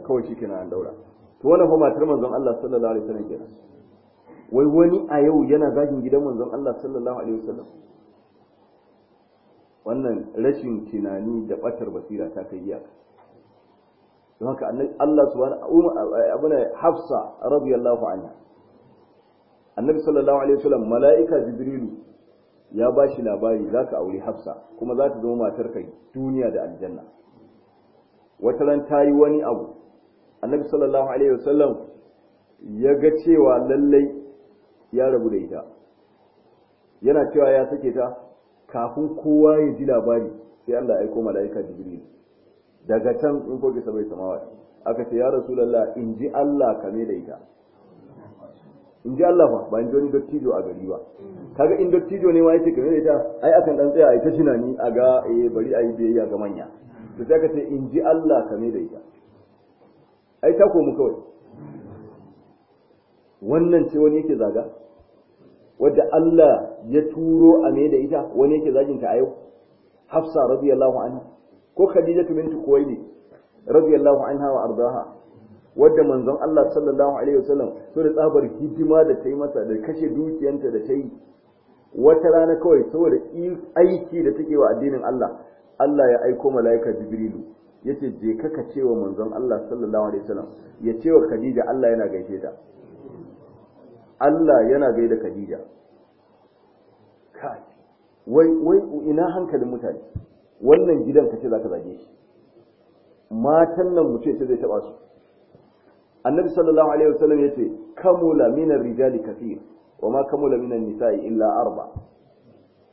kawai shi kenan an daura to wannan fa matar manzon Allah sallallahu alaihi wasallam kenan wai wani a yau yana zagin gidan manzon Allah sallallahu alaihi wasallam wannan rashin tunani da batar basira ta kai iyaka don haka Allah subhanahu um, abuna Hafsa radiyallahu anha annabi sallallahu alaihi wasallam mala'ika jibrilu ya ba shi labari za ka auri hafsa kuma za ta zama matarka duniya da aljanna wata ran ta yi wani abu annabi sallallahu alaihi wasallam ya ga cewa lallai ya rabu da ita yana cewa ya sake ta kafin kowa ya ji labari sai Allah ya aiko mala'ika jibril daga can in koke sabai samawa aka ce ya rasulullah in ji Allah kame da ita in ji Allah ba ba in ji wani dattijo a gari ba kaga in dattijo ne ma yake game da ita ai akan dan tsaya ai ta tunani a ga eh bari ai biyayya ga manya to sai ka ce in ji Allah kame da ita ai ta komu kawai wannan ce wani yake zaga wadda Allah ya turo a me da ita wani yake zagin ta a yau Hafsa radiyallahu anha ko Khadija bint Khuwaylid radiyallahu anha wa ardaha wadda manzon Allah sallallahu alaihi wasallam so da tsabar hidima da ta yi masa da kashe dukiyanta da ta yi wata rana kawai saboda aiki da take wa addinin Allah Allah ya aiko mala'ika Jibrilu yace je ka ka cewa manzon Allah sallallahu alaihi wasallam ya cewa Khadija Allah yana gaishe ta Allah yana gaida Khadija kai wai wai ina hankalin mutane wannan gidan kace zaka zage shi matan nan mutum ce zai taba su annabi sallallahu alaihi wasallam yace kamula minar rijali kathir wa ma kamula minan nisa'i illa arba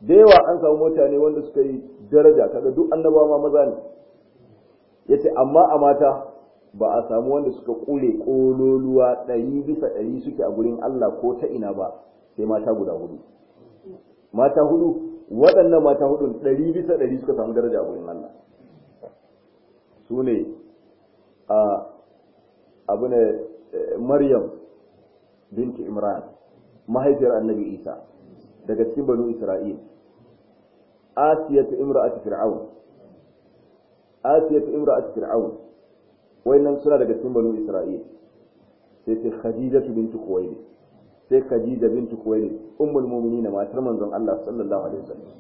da yawa an samu mutane wanda suka yi daraja kaga duk annabawa ma maza ne yace amma a mata ba a samu wanda suka kure kololuwa ɗari bisa ɗari suke a gurin Allah ko ta ina ba sai mata guda hudu mata hudu waɗannan mata hudun ɗari bisa ɗari suka samu daraja a gurin Allah su a abu eh, Maryam binti Imran mahaifiyar annabi isa daga cikin banu isra'il asiyatu imra'atu fir'aun asiyatu imra'atu fir'aun wayannan suna daga cikin banu isra'il sai ce khadijatu bintu khuwailid sai khadija bintu khuwailid ummul mu'minin matar manzon Allah sallallahu alaihi wasallam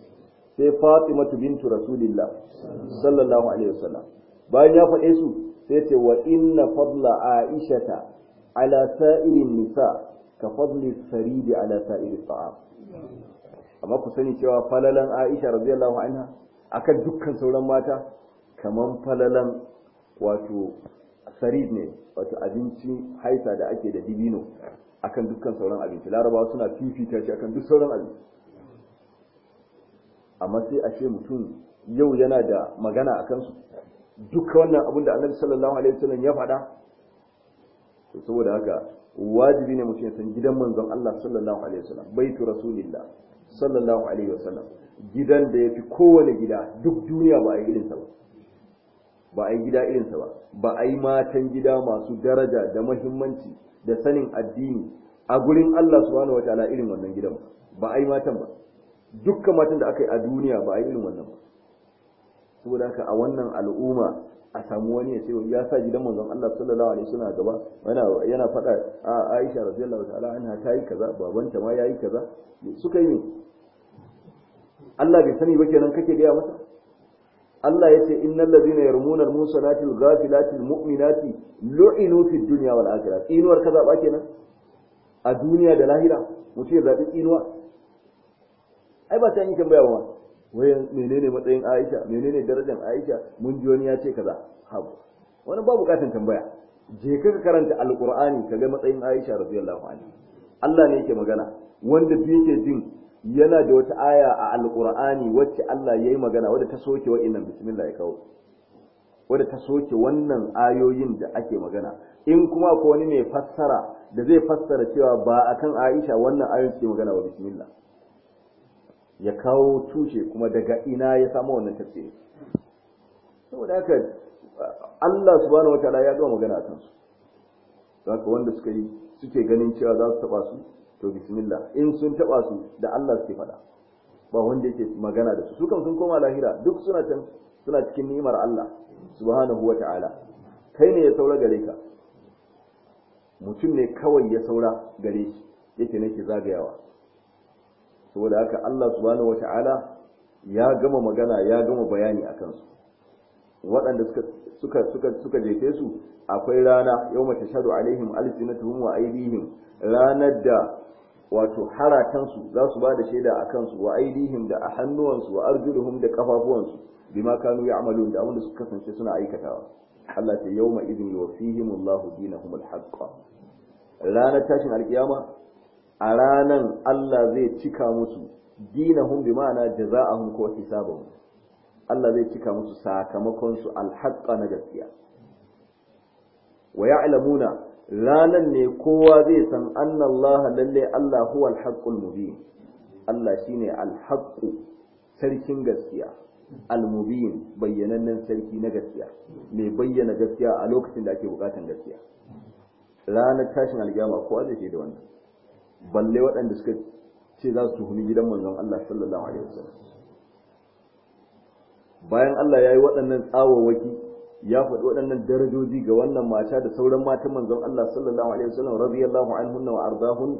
sai fatimatu bintu rasulillah sallallahu alaihi wasallam bayan ya faɗe su sai ce wa inna fadla aisha aishata ala sa'irin nisa ka fadli saridi ala sa'iri ta'am amma ku sani cewa falalan Aisha radiyallahu anha akan dukkan sauran mata kaman falalan wato sarid ne wato abinci haisa da ake da dibino akan dukkan sauran abinci larabawa suna fifita shi akan duk sauran abinci amma sai a ce mutum yau yana da magana a kansu Dukkan wannan abin da annabi sallallahu alaihi wasallam ya faɗa to saboda haka wajibi ne mutum ya san gidan manzon Allah sallallahu alaihi wasallam baitu rasulillah sallallahu alaihi wasallam gidan da yafi kowane gida duk duniya ba a yi irinsa ba ba a yi gida irinsa ba ba a yi matan gida masu daraja da muhimmanci da sanin addini a gurin Allah subhanahu wataala irin wannan gidan ba ba a yi matan ba dukkan matan da aka yi a duniya ba a yi irin wannan ba saboda haka a wannan al'umma a samu wani ya ce ya sa gidan manzon Allah sallallahu alaihi wasallam gaba yana yana faɗa a Aisha radiyallahu ta'ala anha ta yi kaza babanta ma yayi kaza suka yi Allah bai sani ba kenan kake gaya masa Allah ya ce innal ladzina yarmuna al-musalati al-ghafilati al-mu'minati lu'inu fid dunya wal akhirah inuwar kaza ba kenan a duniya da lahira mutum ya zabi inuwa ai ba sai an yi tambaya ba wayan menene matsayin Aisha menene darajar Aisha mun ji wani ya ce kaza habu wani babu katin tambaya je ka karanta alqur'ani kaga matsayin Aisha radiyallahu anha Allah ne yake magana wanda bi yake jin yana da wata aya a alqur'ani wacce Allah yayi magana wadda ta soke wa'innan bismillah ya kawo wadda ta soke wannan ayoyin da ake magana in kuma ko wani mai fassara da zai fassara cewa ba akan Aisha wannan ayoyin ke magana ba bismillah ya kawo tushe kuma daga ina ya samu wannan tafsiri saboda haka Allah subhanahu Ta'ala ya gama magana akan su haka wanda suka yi suke ganin cewa za su taba su to bismillah in sun taba su da Allah suke faɗa ba wanda yake magana da su su kan sun koma lahira duk suna can suna cikin ni'imar Allah subhanahu Ta'ala. kai ne ya saura gare ka mutum ne kawai ya saura gare shi yake nake zagayawa saboda haka Allah subhanahu wata'ala ya gama magana ya gama bayani a kansu waɗanda suka suka suka jefe su akwai rana yawma tashhadu alaihim alsinatuhum wa aydihim ranar da wato haratansu za su ba da shaida a kansu wa aidihim da a hannuwansu wa arjuluhum da kafafuwansu bima kanu ya'malun da abinda suka kasance suna aikatawa Allah ta yawma idin yuwaffihim dinahum al ranar tashin alkiyama a ranan Allah zai cika musu dinahum bi ma'ana jaza'ahum ko hisabahum Allah zai cika musu sakamakon su alhaqqa na gaskiya wa ya'lamuna ranan ne kowa zai san anna lalle Allah huwa alhaqqul mubin Allah shine alhaqqu sarkin gaskiya almubin bayyanannen sarki na gaskiya mai bayyana gaskiya a lokacin da ake bukatan gaskiya ranar tashin alkiyama kowa zai ce da wannan balle waɗanda suka ce za su tuhumi gidan manzon Allah sallallahu alaihi wasallam bayan Allah ya yi waɗannan tsawawaki ya faɗi waɗannan darajoji ga wannan mata da sauran matan manzon Allah sallallahu alaihi wasallam radiyallahu anhunna wa ardahun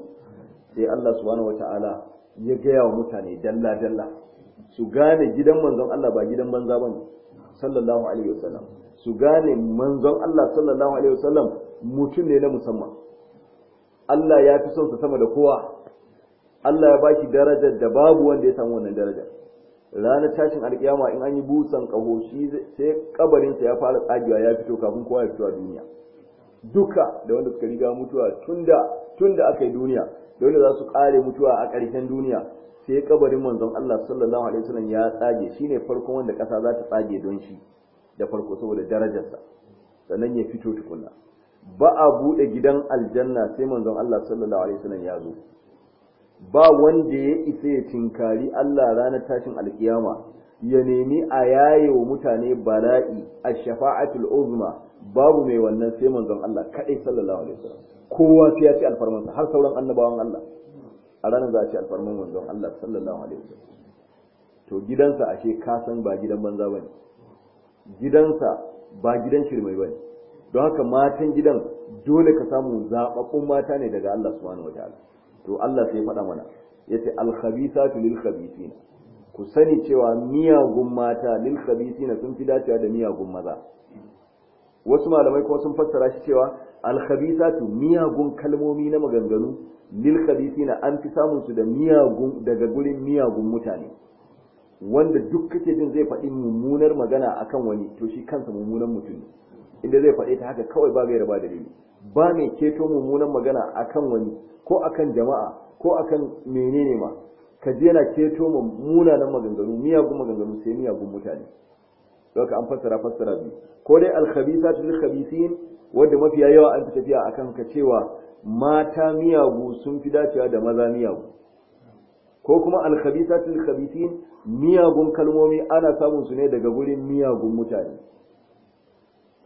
sai Allah subhanahu wataala ya gaya wa mutane dalla dalla su gane gidan manzon Allah ba gidan banza ba sallallahu alaihi wasallam su gane manzon Allah sallallahu alaihi wasallam mutum ne na musamman Allah ya fi son sa sama da kowa Allah ya baki darajar da babu wanda ya samu wannan darajar ranar tashin alkiyama in an yi busan kaho shi sai kabarinsa ya fara tsagewa ya fito kafin kowa ya fito a duniya duka da wanda suka riga mutuwa tunda tunda aka yi duniya da wanda za su kare mutuwa a ƙarshen duniya sai kabarin manzon Allah sallallahu alaihi wasallam ya tsage shine farkon wanda ƙasa za ta tsage don shi da farko saboda darajarsa sannan ya fito tukunna ba a buɗe gidan aljanna sai manzon Allah sallallahu alaihi wasallam ya zo ba wanda ya isa ya tinkari Allah ranar tashin alkiyama ya nemi a yaye wa mutane bala'i a shafa'atul uzma babu mai wannan sai manzon Allah kadai sallallahu alaihi wasallam kowa sai ya ci alfarman sa har sauran annabawan Allah a ranar za a ci alfarman manzon Allah sallallahu alaihi wasallam to gidansa ashe ka san ba gidan banza bane gidansa ba gidan shirmai bane don haka matan gidan dole ka samu zaɓaɓɓun mata ne daga Allah subhanahu wataala to Allah sai faɗa mana yace al khabithatu lil khabithina ku sani cewa miyagun mata lil khabithina sun fi dacewa da miyagun maza wasu malamai kuma sun fassara shi cewa al khabithatu miyagun kalmomi na maganganu lil khabithina an fi samun su da daga gurin miyagun mutane wanda duk kake jin zai faɗi mummunar magana akan wani to shi kansa mummunan mutum ne inda zai faɗe ta haka kawai ba gaira ba dalili ba mai keto mummunan magana a kan wani ko a kan jama'a ko a kan menene ma ka je yana keto mummunanan maganganu miyagun maganganu sai miyagun mutane haka an fassara fassara biyu ko dai alkhabisatu lil khabisin wadda mafiya yawa an tafiya kan ka cewa mata miyagu sun fi dacewa da maza miyagu ko kuma alkhabisatu lil khabisin miyagun kalmomi ana samun su ne daga gurin miyagun mutane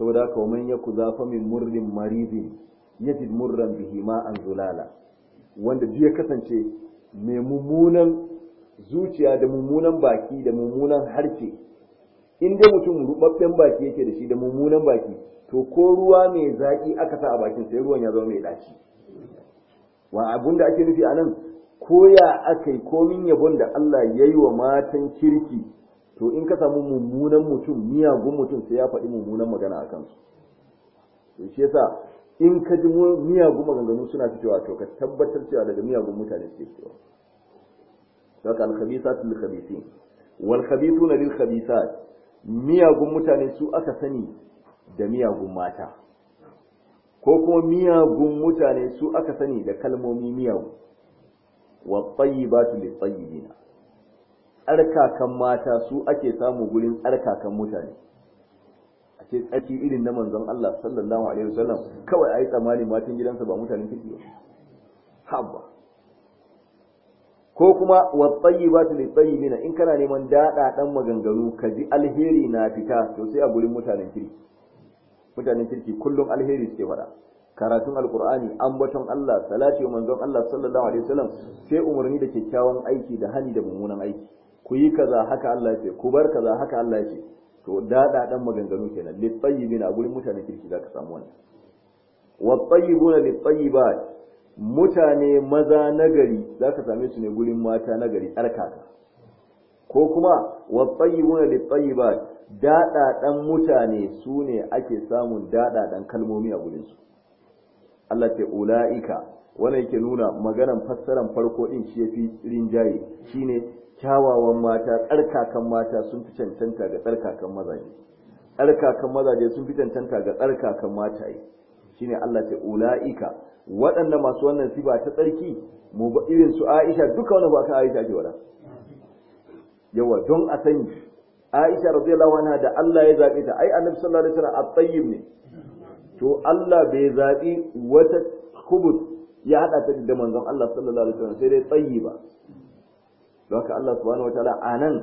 saboda haka ya ku zafa min murrin maridin ji murran bihi ma an zulala wanda duk kasance mai mummunan zuciya da mummunan baki da mummunan harshe in dai mutum rubabben baki yake da shi da mummunan baki to ko ruwa mai zaki aka sa a bakin sai ruwan ya zama mai daci wa abun da ake nufi anan ko ya aka yi komin yabon da Allah ya yi wa matan kirki to in ka samu mummunan mutum miyagun mutum sai ya faɗi mummunan magana a kansu to shi yasa in ka ji miyagun maganganu suna fitowa to ka tabbatar cewa daga miyagun mutane suke fitowa saka al-khabisatu lil khabisin wal khabithuna lil khabisat miyagun mutane su aka sani da miyagun mata ko kuma miyagun mutane su aka sani da kalmomi miyagu wa tayyibatu lit tayyibina tsarkakan mata su ake samu gurin tsarkakan mutane a ce tsarki irin na manzon Allah sallallahu alaihi wasallam kawai ai tsamani matan gidansa ba mutanen kike ba habba ko kuma wa tayyibatu li tayyibina in kana neman dada dan maganganu ka ji alheri na fita to sai a gurin mutanen kirki mutanen kirki kullum alheri suke faɗa karatun alkur'ani ambaton Allah salati manzon Allah sallallahu alaihi wasallam sai umarni da kyakkyawan aiki da hani da mummunan aiki ku yi kaza haka Allah ce ku bar kaza haka Allah ce to dada dan maganganu kenan li tayyibin a gurin mutanen kirki zaka samu wannan wa tayyibuna li tayyibat mutane maza nagari zaka same su ne gurin mata nagari tsarkaka ko kuma wa tayyibuna li tayyibat dada dan mutane su ne ake samun dada dan kalmomi a gurin su Allah ce ula'ika wannan yake nuna maganan fassaran farko din shi yafi rinjaye shine kyawawan mata tsarkakan mata sun fi cancanta ga tsarkakan mazaje tsarkakan mazaje sun fi cancanta ga tsarkakan mataye shine Allah ce ulaika waɗanda masu wannan ba ta tsarki mu ba irin su Aisha duka wani ba ka Aisha ke wala yawa don a sani Aisha radiyallahu anha da Allah ya zabe ta ai Annabi sallallahu alaihi wasallam at-tayyib ne to Allah bai zabi wata kubut ya hada ta da manzon Allah sallallahu alaihi wasallam sai dai tayyiba don haka Allah subhanahu a anan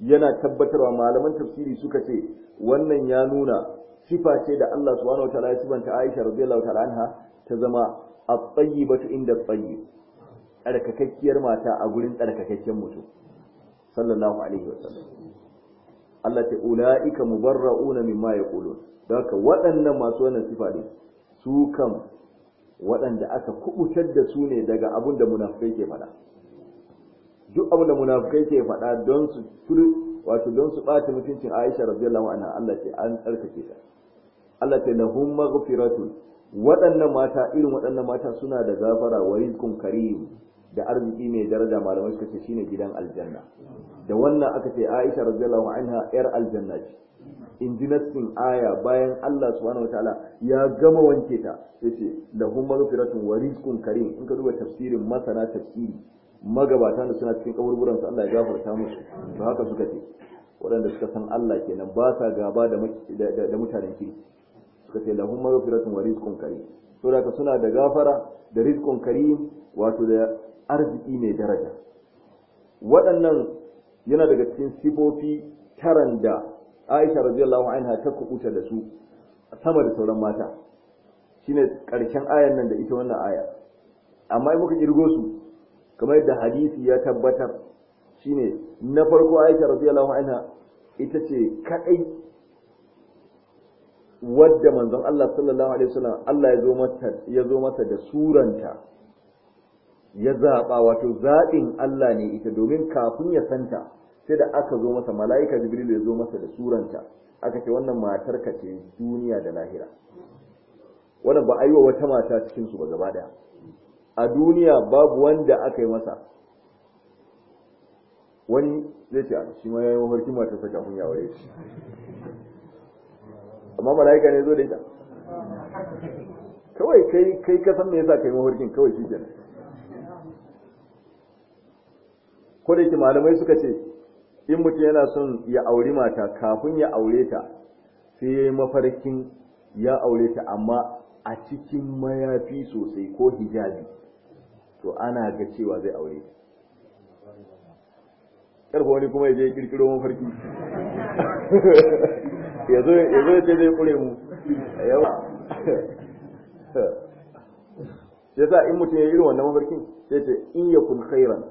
yana tabbatarwa malaman tafsiri suka ce wannan ya nuna sifa ce da Allah subhanahu ta'ala ya sibanta Aisha radiyallahu ta'ala anha ta zama at-tayyibatu inda at-tayyib tsarkakakkiyar mata a gurin tsarkakakken mutum sallallahu alaihi wa sallam Allah ta ula'ika mubarra'una mimma yaqulun don haka waɗannan masu wannan sifa ne su kan waɗanda aka kubutar da su ne daga abin da munafikai ke faɗa duk abin da munafukai ke faɗa don su wato don su ɓata mutuncin Aisha radiyallahu anha Allah ce an tsarkake ta Allah ce lahum maghfiratu waɗannan mata irin waɗannan mata suna da gafara wa rizqun karim da arziki mai daraja malamai suka ce shine gidan aljanna da wannan aka ce Aisha radiyallahu anha yar aljanna ce in ji aya bayan Allah subhanahu wataala ya gama wanke ta yace lahum maghfiratu wa rizqun karim in ka duba tafsirin masana tafsiri magabata da suna cikin kaburburan su Allah ya gafarta musu to haka suka ce waɗanda suka san Allah kenan ba sa gaba da da mutanen kirki suka ce lahum maghfiratun wa rizqun karim to da suna da gafara da rizqun karim wato da arziki mai daraja waɗannan yana daga cikin sifofi taran da Aisha radiyallahu anha ta kubuta da su sama da sauran mata shine karshen ayan nan da ita wannan aya amma in muka kirgo su kamar yadda hadisi ya tabbatar shine na farko Aisha radiyallahu anha ita ce kadai wadda manzon Allah sallallahu alaihi wasallam Allah ya zo mata ya zo mata da suranta ya zaba wato zaɓin Allah ne ita domin kafin ya santa sai da aka zo masa mala'ika Jibril ya zo masa da suranta aka ce wannan matar ka ce duniya da lahira wannan ba aiwa wata mata cikin su ba gaba daya a duniya babu wanda aka yi masa wani zai ce shi ma yayin mafarkin matar sa kafin ya aure shi amma mala'ika ne zo da ita kawai kai kai ka san me yasa kai mafarkin kawai shi kenan ko da yake malamai suka ce in mutum yana son ya auri mata kafin ya aure ta sai ya yi mafarkin ya aure ta amma a cikin mayafi sosai ko hijabi to ana ga cewa zai aure karfa wani kuma ya je kirkiro mafarki [laughs] ya zo ya ce zai kure mu yawa [laughs] yasa in mutum ya yi irin wannan mafarkin sai ce in yakun khairan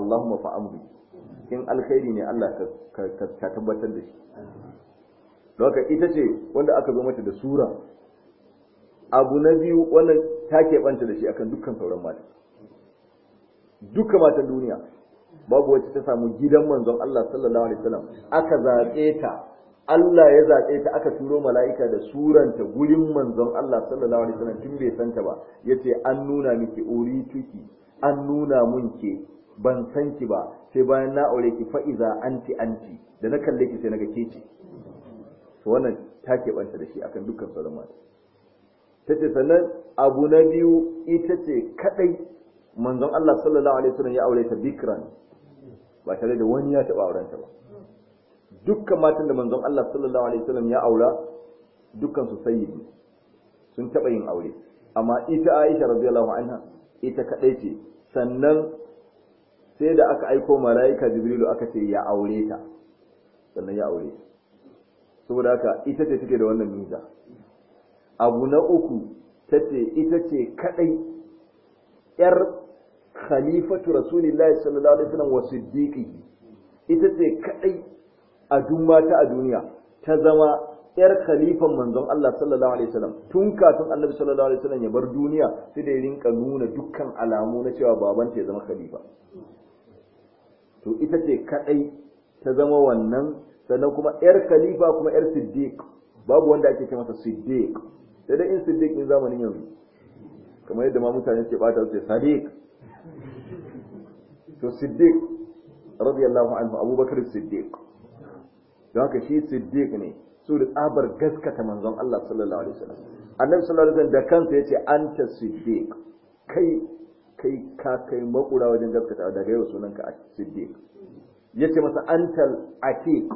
Allahumma fa'amri in alkhairi ne Allah ka tabbatar da shi Lokaci ita ce wanda aka zo mata da sura abu na biyu wannan ta keɓanta da shi akan dukkan sauran mata duka matan duniya babu wacce ta samu gidan manzon Allah sallallahu alaihi wasallam aka zaɓe ta Allah ya zaɓe ta aka turo mala'ika da suranta gurin manzon Allah sallallahu alaihi wasallam tun bai san ta ba yace an nuna miki uri tuki an nuna mun ke ban san ki ba sai bayan na aure ki fa iza anti anti da na kalle ki sai naga ke ce to wannan ta ke banta da shi akan dukkan sauran mata tace sannan abu na biyu ita ce kadai manzon Allah sallallahu alaihi wasallam ya aure ta bikran ba tare da wani ya taba aurenta ba dukkan matan da manzon Allah sallallahu alaihi wasallam ya aura dukkan su sayyidi sun taba yin aure amma ita Aisha radiyallahu anha ita kadai ce sannan sai da aka aiko malaika Jibrilu aka ce ya aure ta sannan ya aure ta saboda haka ita ce take da wannan miza abu na uku tace ita ce kadai yar khalifatu rasulillahi sallallahu alaihi wasallam wa siddiqihi ita ce kadai a duma a duniya ta zama yar khalifan manzon Allah sallallahu alaihi wasallam tun kafin Annabi sallallahu alaihi wasallam ya bar duniya sai da ya rinka nuna dukkan alamu na cewa Babanta ya zama khalifa to ita ce kadai ta zama wannan sannan kuma yar khalifa kuma yar siddiq babu wanda ake ce masa siddiq sai dai in siddiq in zamanin yanzu kamar yadda ma mutane ke bata su sadiq to siddiq radiyallahu anhu abubakar siddiq don haka shi siddiq ne su da tsabar gaskata manzon Allah sallallahu alaihi wasallam annabi sallallahu alaihi wasallam da kansa yace anta siddiq kai kai ka kai makura wajen gaskata daga yau sunanka siddiq yace masa antal atiq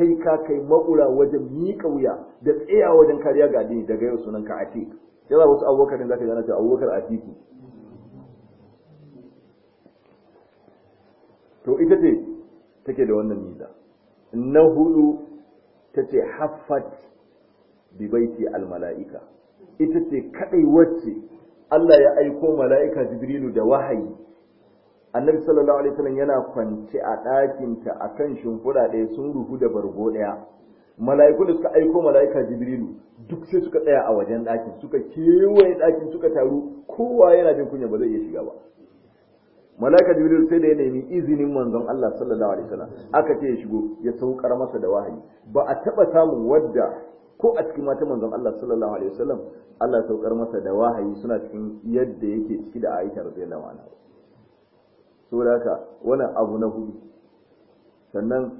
kai ka kai makura wajen miƙa wuya da tsaya wajen kariya ga addini daga yau sunanka atiq yana wasu abubakar da zaka gana cewa abubakar atiki to ita ce take da wannan miza na hudu ta ce haffat bi almala'ika al mala'ika ita ce kadai wacce Allah ya aiko mala'ika jibrilu da wahayi annabi sallallahu alaihi wasallam yana kwance a ɗakinta akan shimfura ɗaya sun ruhu da bargo ɗaya mala'iku da suka aiko mala'ika jibrilu duk sai suka tsaya a wajen ɗakin suka kewaye ɗakin suka taru kowa yana jin kunya ba zai iya shiga ba malaika jibril sai da ya nemi izinin manzon Allah sallallahu alaihi wasallam aka ce ya shigo ya saukar masa da wahayi ba a taba samun wadda ko a cikin mata manzon Allah sallallahu alaihi wasallam Allah saukar masa da wahayi suna cikin yadda yake ciki da Aisha radiyallahu anha saboda haka wannan abu na hudu sannan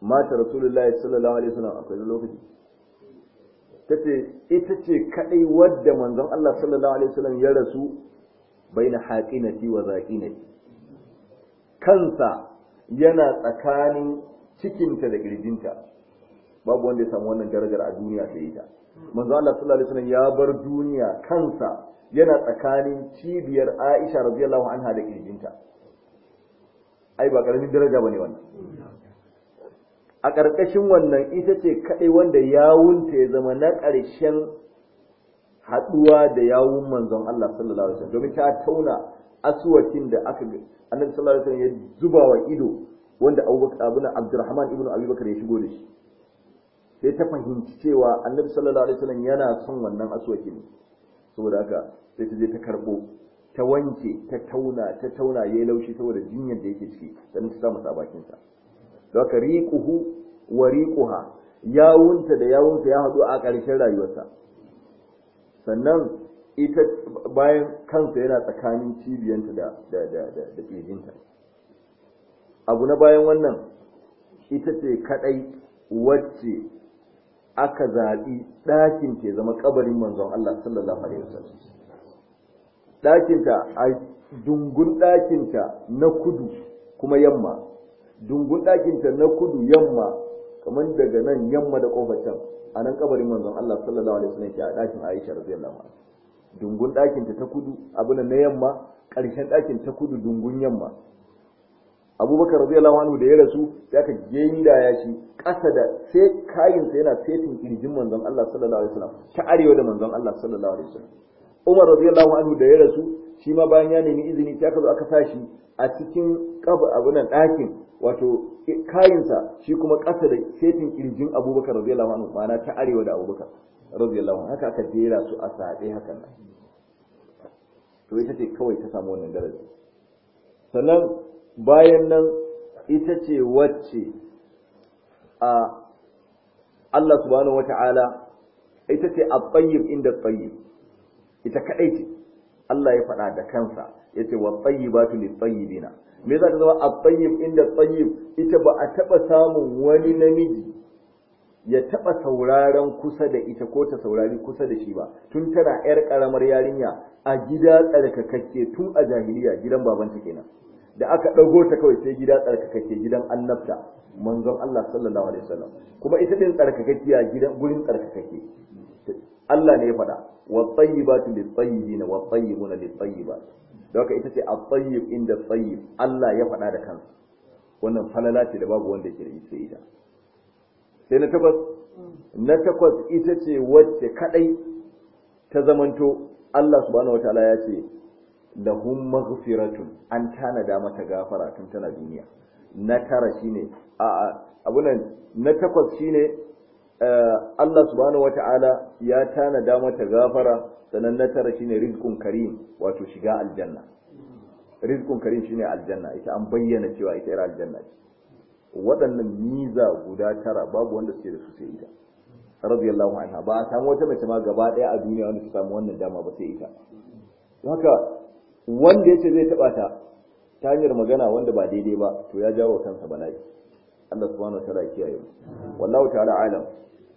mata rasulullahi sallallahu alaihi wasallam akwai lokaci tace ita ce kadai wadda manzon Allah sallallahu alaihi wasallam ya rasu baina haqinati wa zaqinati kansa yana tsakanin cikinta da ƙirjinta, babu wanda ya samu wannan darajar a duniya sai ita manzo Allah sallallahu alaihi ya bar duniya kansa yana tsakanin cibiyar Aisha radiyallahu anha da ƙirjinta. ai ba karamin daraja bane wannan a ƙarƙashin wannan ita ce kaɗai wanda yawunta ya zama na ƙarshen haɗuwa da yawun manzon Allah sallallahu alaihi wasallam domin ta tauna aswakin da aka ga annabi sallallahu alaihi wasallam ya zuba wa ido wanda abubakar abuna abdurrahman ibnu abubakar ya shigo da shi sai ta fahimci cewa annabi sallallahu alaihi wasallam yana son wannan aswaki ne saboda haka sai ta je ta karbo ta wanke ta tauna ta tauna yayi laushi saboda jinyar da yake ciki sannan ta sa masa a sa don haka riquhu wa riquha yawunta da yawunta ya haɗu a ƙarshen rayuwarsa sannan ita bayan kansa yana tsakanin cibiyanta da da da da abu na bayan wannan ita ce kadai wacce aka zaɓi ɗakin ke zama kabarin manzon Allah sallallahu alaihi wasallam ɗakinta a dungun ɗakinta na kudu kuma yamma dungun ɗakinta na kudu yamma kamar daga nan yamma da kofar can a nan kabarin manzon Allah sallallahu alaihi wasallam ke a ɗakin Aisha radiyallahu anha dungun ɗakinta ta kudu abin na yamma ƙarshen ɗakin ta kudu dungun yamma abubakar radiyallahu anhu da ya rasu sai aka gindaya shi ƙasa da sai kayinsa yana setin ƙirjin manzon Allah sallallahu alaihi wasallam ta arewa da manzon Allah sallallahu alaihi wasallam Umar radiyallahu anhu da ya rasu shi ma bayan ya nemi izini sai aka zo aka sashi a cikin kabar abunan ɗakin wato kayinsa shi kuma ƙasa da setin ƙirjin Abubakar radiyallahu anhu ma'ana ta arewa da Abubakar radiyallahu haka aka jera su a sabe hakan nan to ita ce kawai ta samu wannan daraja sannan bayan nan ita ce wacce a Allah subhanahu wata'ala ita ce a tsayyib inda tsayyib ita kadai ce Allah ya faɗa da kansa ya ce wa tsayyibatu li tsayyibina me za ta zama a tsayyib inda tsayyib ita ba a taɓa samun wani namiji ya taɓa sauraron kusa da ita ko ta saurari kusa da shi ba tun tana 'yar ƙaramar yarinya a gida tsarkakakke tun a jahiliya gidan babanta kenan da aka ɗago ta kawai sai gida tsarkakakke gidan annabta manzon Allah sallallahu alaihi wasallam kuma ita din a gidan gurin tsarkakakke Allah ne ya faɗa wa tayyibatu lit tayyibin wa tayyibuna lit tayyibat don haka ita ce a tayyib inda tayyib Allah ya faɗa da kansa wannan falala ce da babu wanda ke da ita sai na takwas na takwas ita ce wacce kadai ta zamanto Allah subhanahu wataala ya ce lahum maghfiratun an tanada mata gafara tun tana duniya na tara shine a abunan na takwas shine eh, Allah subhanahu wataala ya tanada mata gafara sannan na tara shine rizqun karim wato shiga aljanna rizqun karim shine aljanna ita an bayyana cewa ita ira aljanna ce waɗannan miza guda tara babu wanda suke da su sai ita radiyallahu anha ba a samu wata mace ma gaba ɗaya a duniya wanda ta samu wannan dama ba sai ita haka wanda yace zai taba ta ta hanyar magana wanda ba daidai ba to ya jawo kansa bala'i Allah subhanahu wataala ya kiyaye mu wallahu ta'ala alam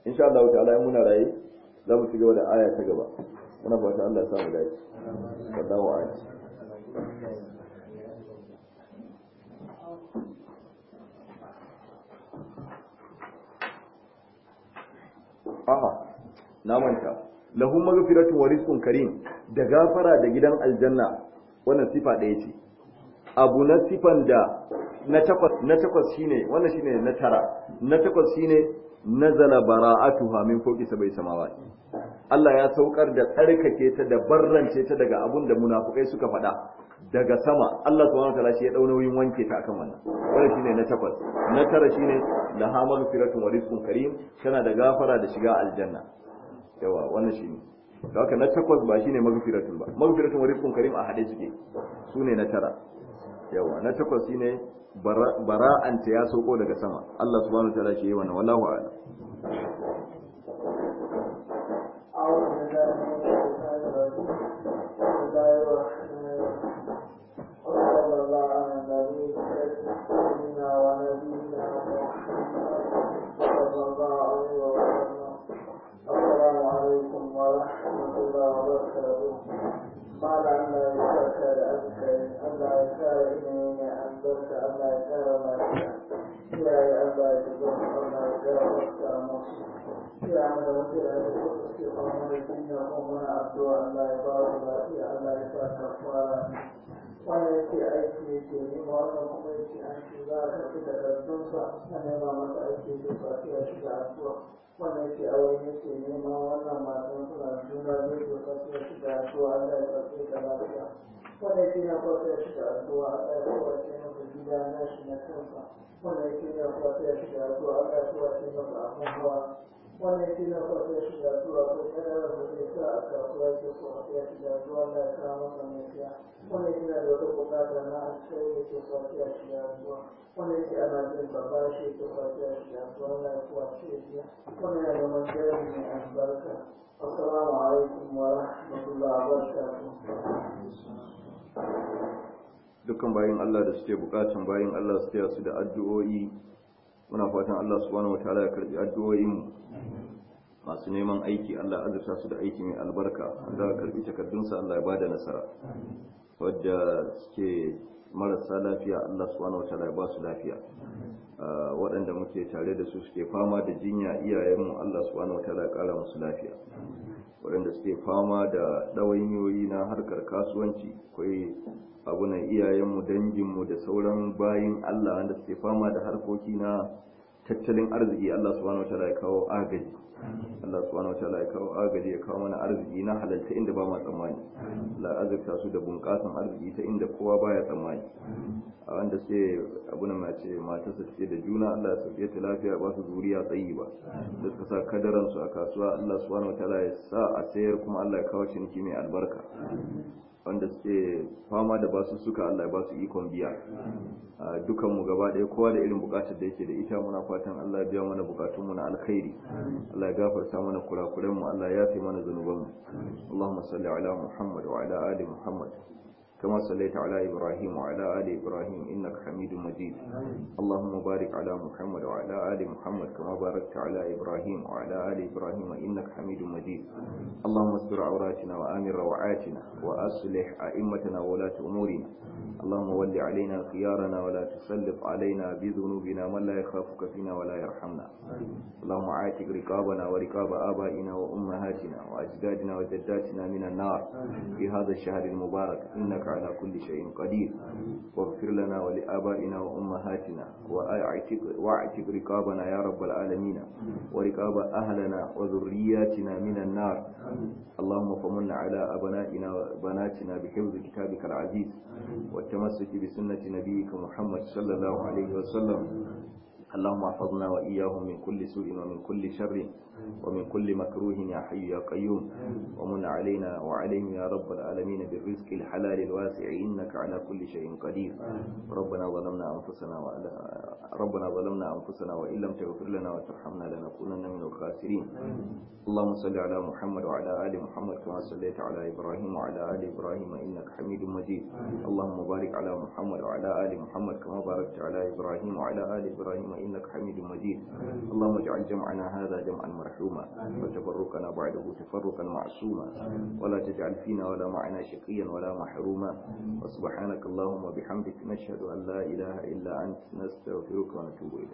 insha Allah ta'ala in muna raye za mu ci gaba da aya ta gaba muna fata Allah ya samu dace wallahu a'lam a'a na manta lahum maghfiratu wa rizqun karim da gafara da gidan aljanna wannan sifa ɗaya ce abu na sifan da na takwas na takwas shine wannan shine na tara na takwas shine nazala bara'atuha min fawqi sabai samawati Allah ya saukar da tsarkake ta da barrance ta daga abun da munafukai suka faɗa daga sama Allah subhanahu wataala shi ya dau nauyin wanke ta akan wannan wannan shine na takwas na tara shine laha maghfiratun wa rizqun karim tana da gafara da shiga aljanna yawa wannan shine da haka na takwas ba shine maghfiratun ba maghfiratun wa rizqun karim a hade suke sune na tara yawa na takwas shine bara'an ta ya soko daga sama Allah subhanahu wataala shi ya yi wannan wallahu a'lam أعوذ بالله kare ilimin albarka Allah ya kare lafiya iyaye Allah ya shiga Allah ya kare wata musu iya mana wata ya yi wata suke fama da jinya ko mana addu'a Allah ya ba su lafiya Allah ya kafara yake aiki yake wannan kuma ya ce an ce za a tafi da rantsonsa a nema masa aiki ta safiya shiga asuwa wannan ya ce a wani ya ce nema wannan matan suna juna zai ta safiya shiga asuwa an da ya tafi da lafiya wannan ya ce na kwafiya shiga asuwa an da ya kwafiya masa gida na shi na kansa wannan ya ce na kwafiya shiga asuwa an da ya kwafiya masa abin hawa wannan shi na farko shi da zuwa ko kada da ke sa a kasuwa ke so a fiya shi da zuwa da ya kawo masa mai fiya wannan shi na da wata bukata na a cikin da ke so a fiya shi da zuwa wannan shi ana jin babba shi ke so a fiya shi da zuwa da ya kuwa ce shi wannan ya zama jari mai albarka assalamu alaikum wa rahmatullahi wa barakatuh dukkan bayan Allah da suke bukatun bayan Allah suke taya su da addu'o'i muna fatan Allah subhanahu ta'ala ya karbi addu'o'in mu masu neman aiki Allah azurta su da aiki mai albarka za ya karbi sa Allah ya bada nasara wadda suke marasa lafiya Allah subhanahu ta'ala ya ba su lafiya ah, waɗanda muke tare da su suke fama da jinya iyayenmu Allah subhanahu ta'ala ya kara musu lafiya waɗanda suke fama da ɗawainiyoyi na harkar kasuwanci kai abunan iyayenmu danginmu da sauran bayin Allah wanda suke fama da harkoki na tattalin arziki Allah subhanahu wataala ya kawo agaji Allah subhanahu wataala ya kawo agaji ya kawo mana arziki na halalta inda ba ma tsammani la azurta su da bunƙasan arziki ta inda kowa baya tsammani a wanda suke abuna ma ce mata su suke da juna Allah ya sauke ta lafiya ba su zuriya tsayi ba da suka sa kadaransu a kasuwa Allah subhanahu wataala ya sa a sayar kuma Allah ya kawo ciniki mai albarka wanda suke fama da basu suka Allah ya basu ikon biya dukan mu gaba ɗaya kowa da irin bukatar da yake da ita muna fatan Allah ya biya mana bukatun mu na alkhairi Allah ya gafarta mana kurakuren mu Allah ya yafe mana zanuban mu Allahumma salli ala Muhammad wa ala ali Muhammad كما صليت على إبراهيم وعلى آل إبراهيم إنك حميد مجيد اللهم بارك على محمد وعلى آل محمد كما باركت على إبراهيم وعلى آل إبراهيم إنك حميد مجيد اللهم استر عوراتنا وآمن روعاتنا وأصلح أئمتنا وولاة أمورنا اللهم ول علينا خيارنا ولا تسلط علينا بذنوبنا من لا يخافك فينا ولا يرحمنا اللهم عاتق رقابنا ورقاب آبائنا وأمهاتنا وأجدادنا وجداتنا من النار في هذا الشهر المبارك إنك إنك على كل شيء قدير واغفر لنا ولآبائنا وأمهاتنا واعتق رقابنا يا رب العالمين ورقاب أهلنا وذرياتنا من النار اللهم فمن على أبنائنا وبناتنا بحفظ كتابك العزيز والتمسك بسنة نبيك محمد صلى الله عليه وسلم اللهم احفظنا وإياهم من كل سوء ومن كل شر ومن كل مكروه يا حي يا قيوم ومن علينا وعليهم يا رب العالمين بالرزق الحلال الواسع إنك على كل شيء قدير ربنا ظلمنا أنفسنا ربنا ظلمنا أنفسنا وإن لم تغفر لنا وترحمنا لنكونن من الخاسرين اللهم صل على محمد وعلى آل محمد كما صليت على إبراهيم وعلى آل إبراهيم إنك حميد مجيد اللهم بارك على محمد وعلى آل محمد كما باركت على إبراهيم وعلى آل إبراهيم إنك حميد مجيد اللهم اجعل جمعنا هذا جمعا مرحبا معدوما وتبركنا بعده تفرقا معصوما ولا تجعل فينا ولا معنا شقيا ولا محروما وسبحانك اللهم وبحمدك نشهد أن لا إله إلا أنت نستغفرك ونتوب إليك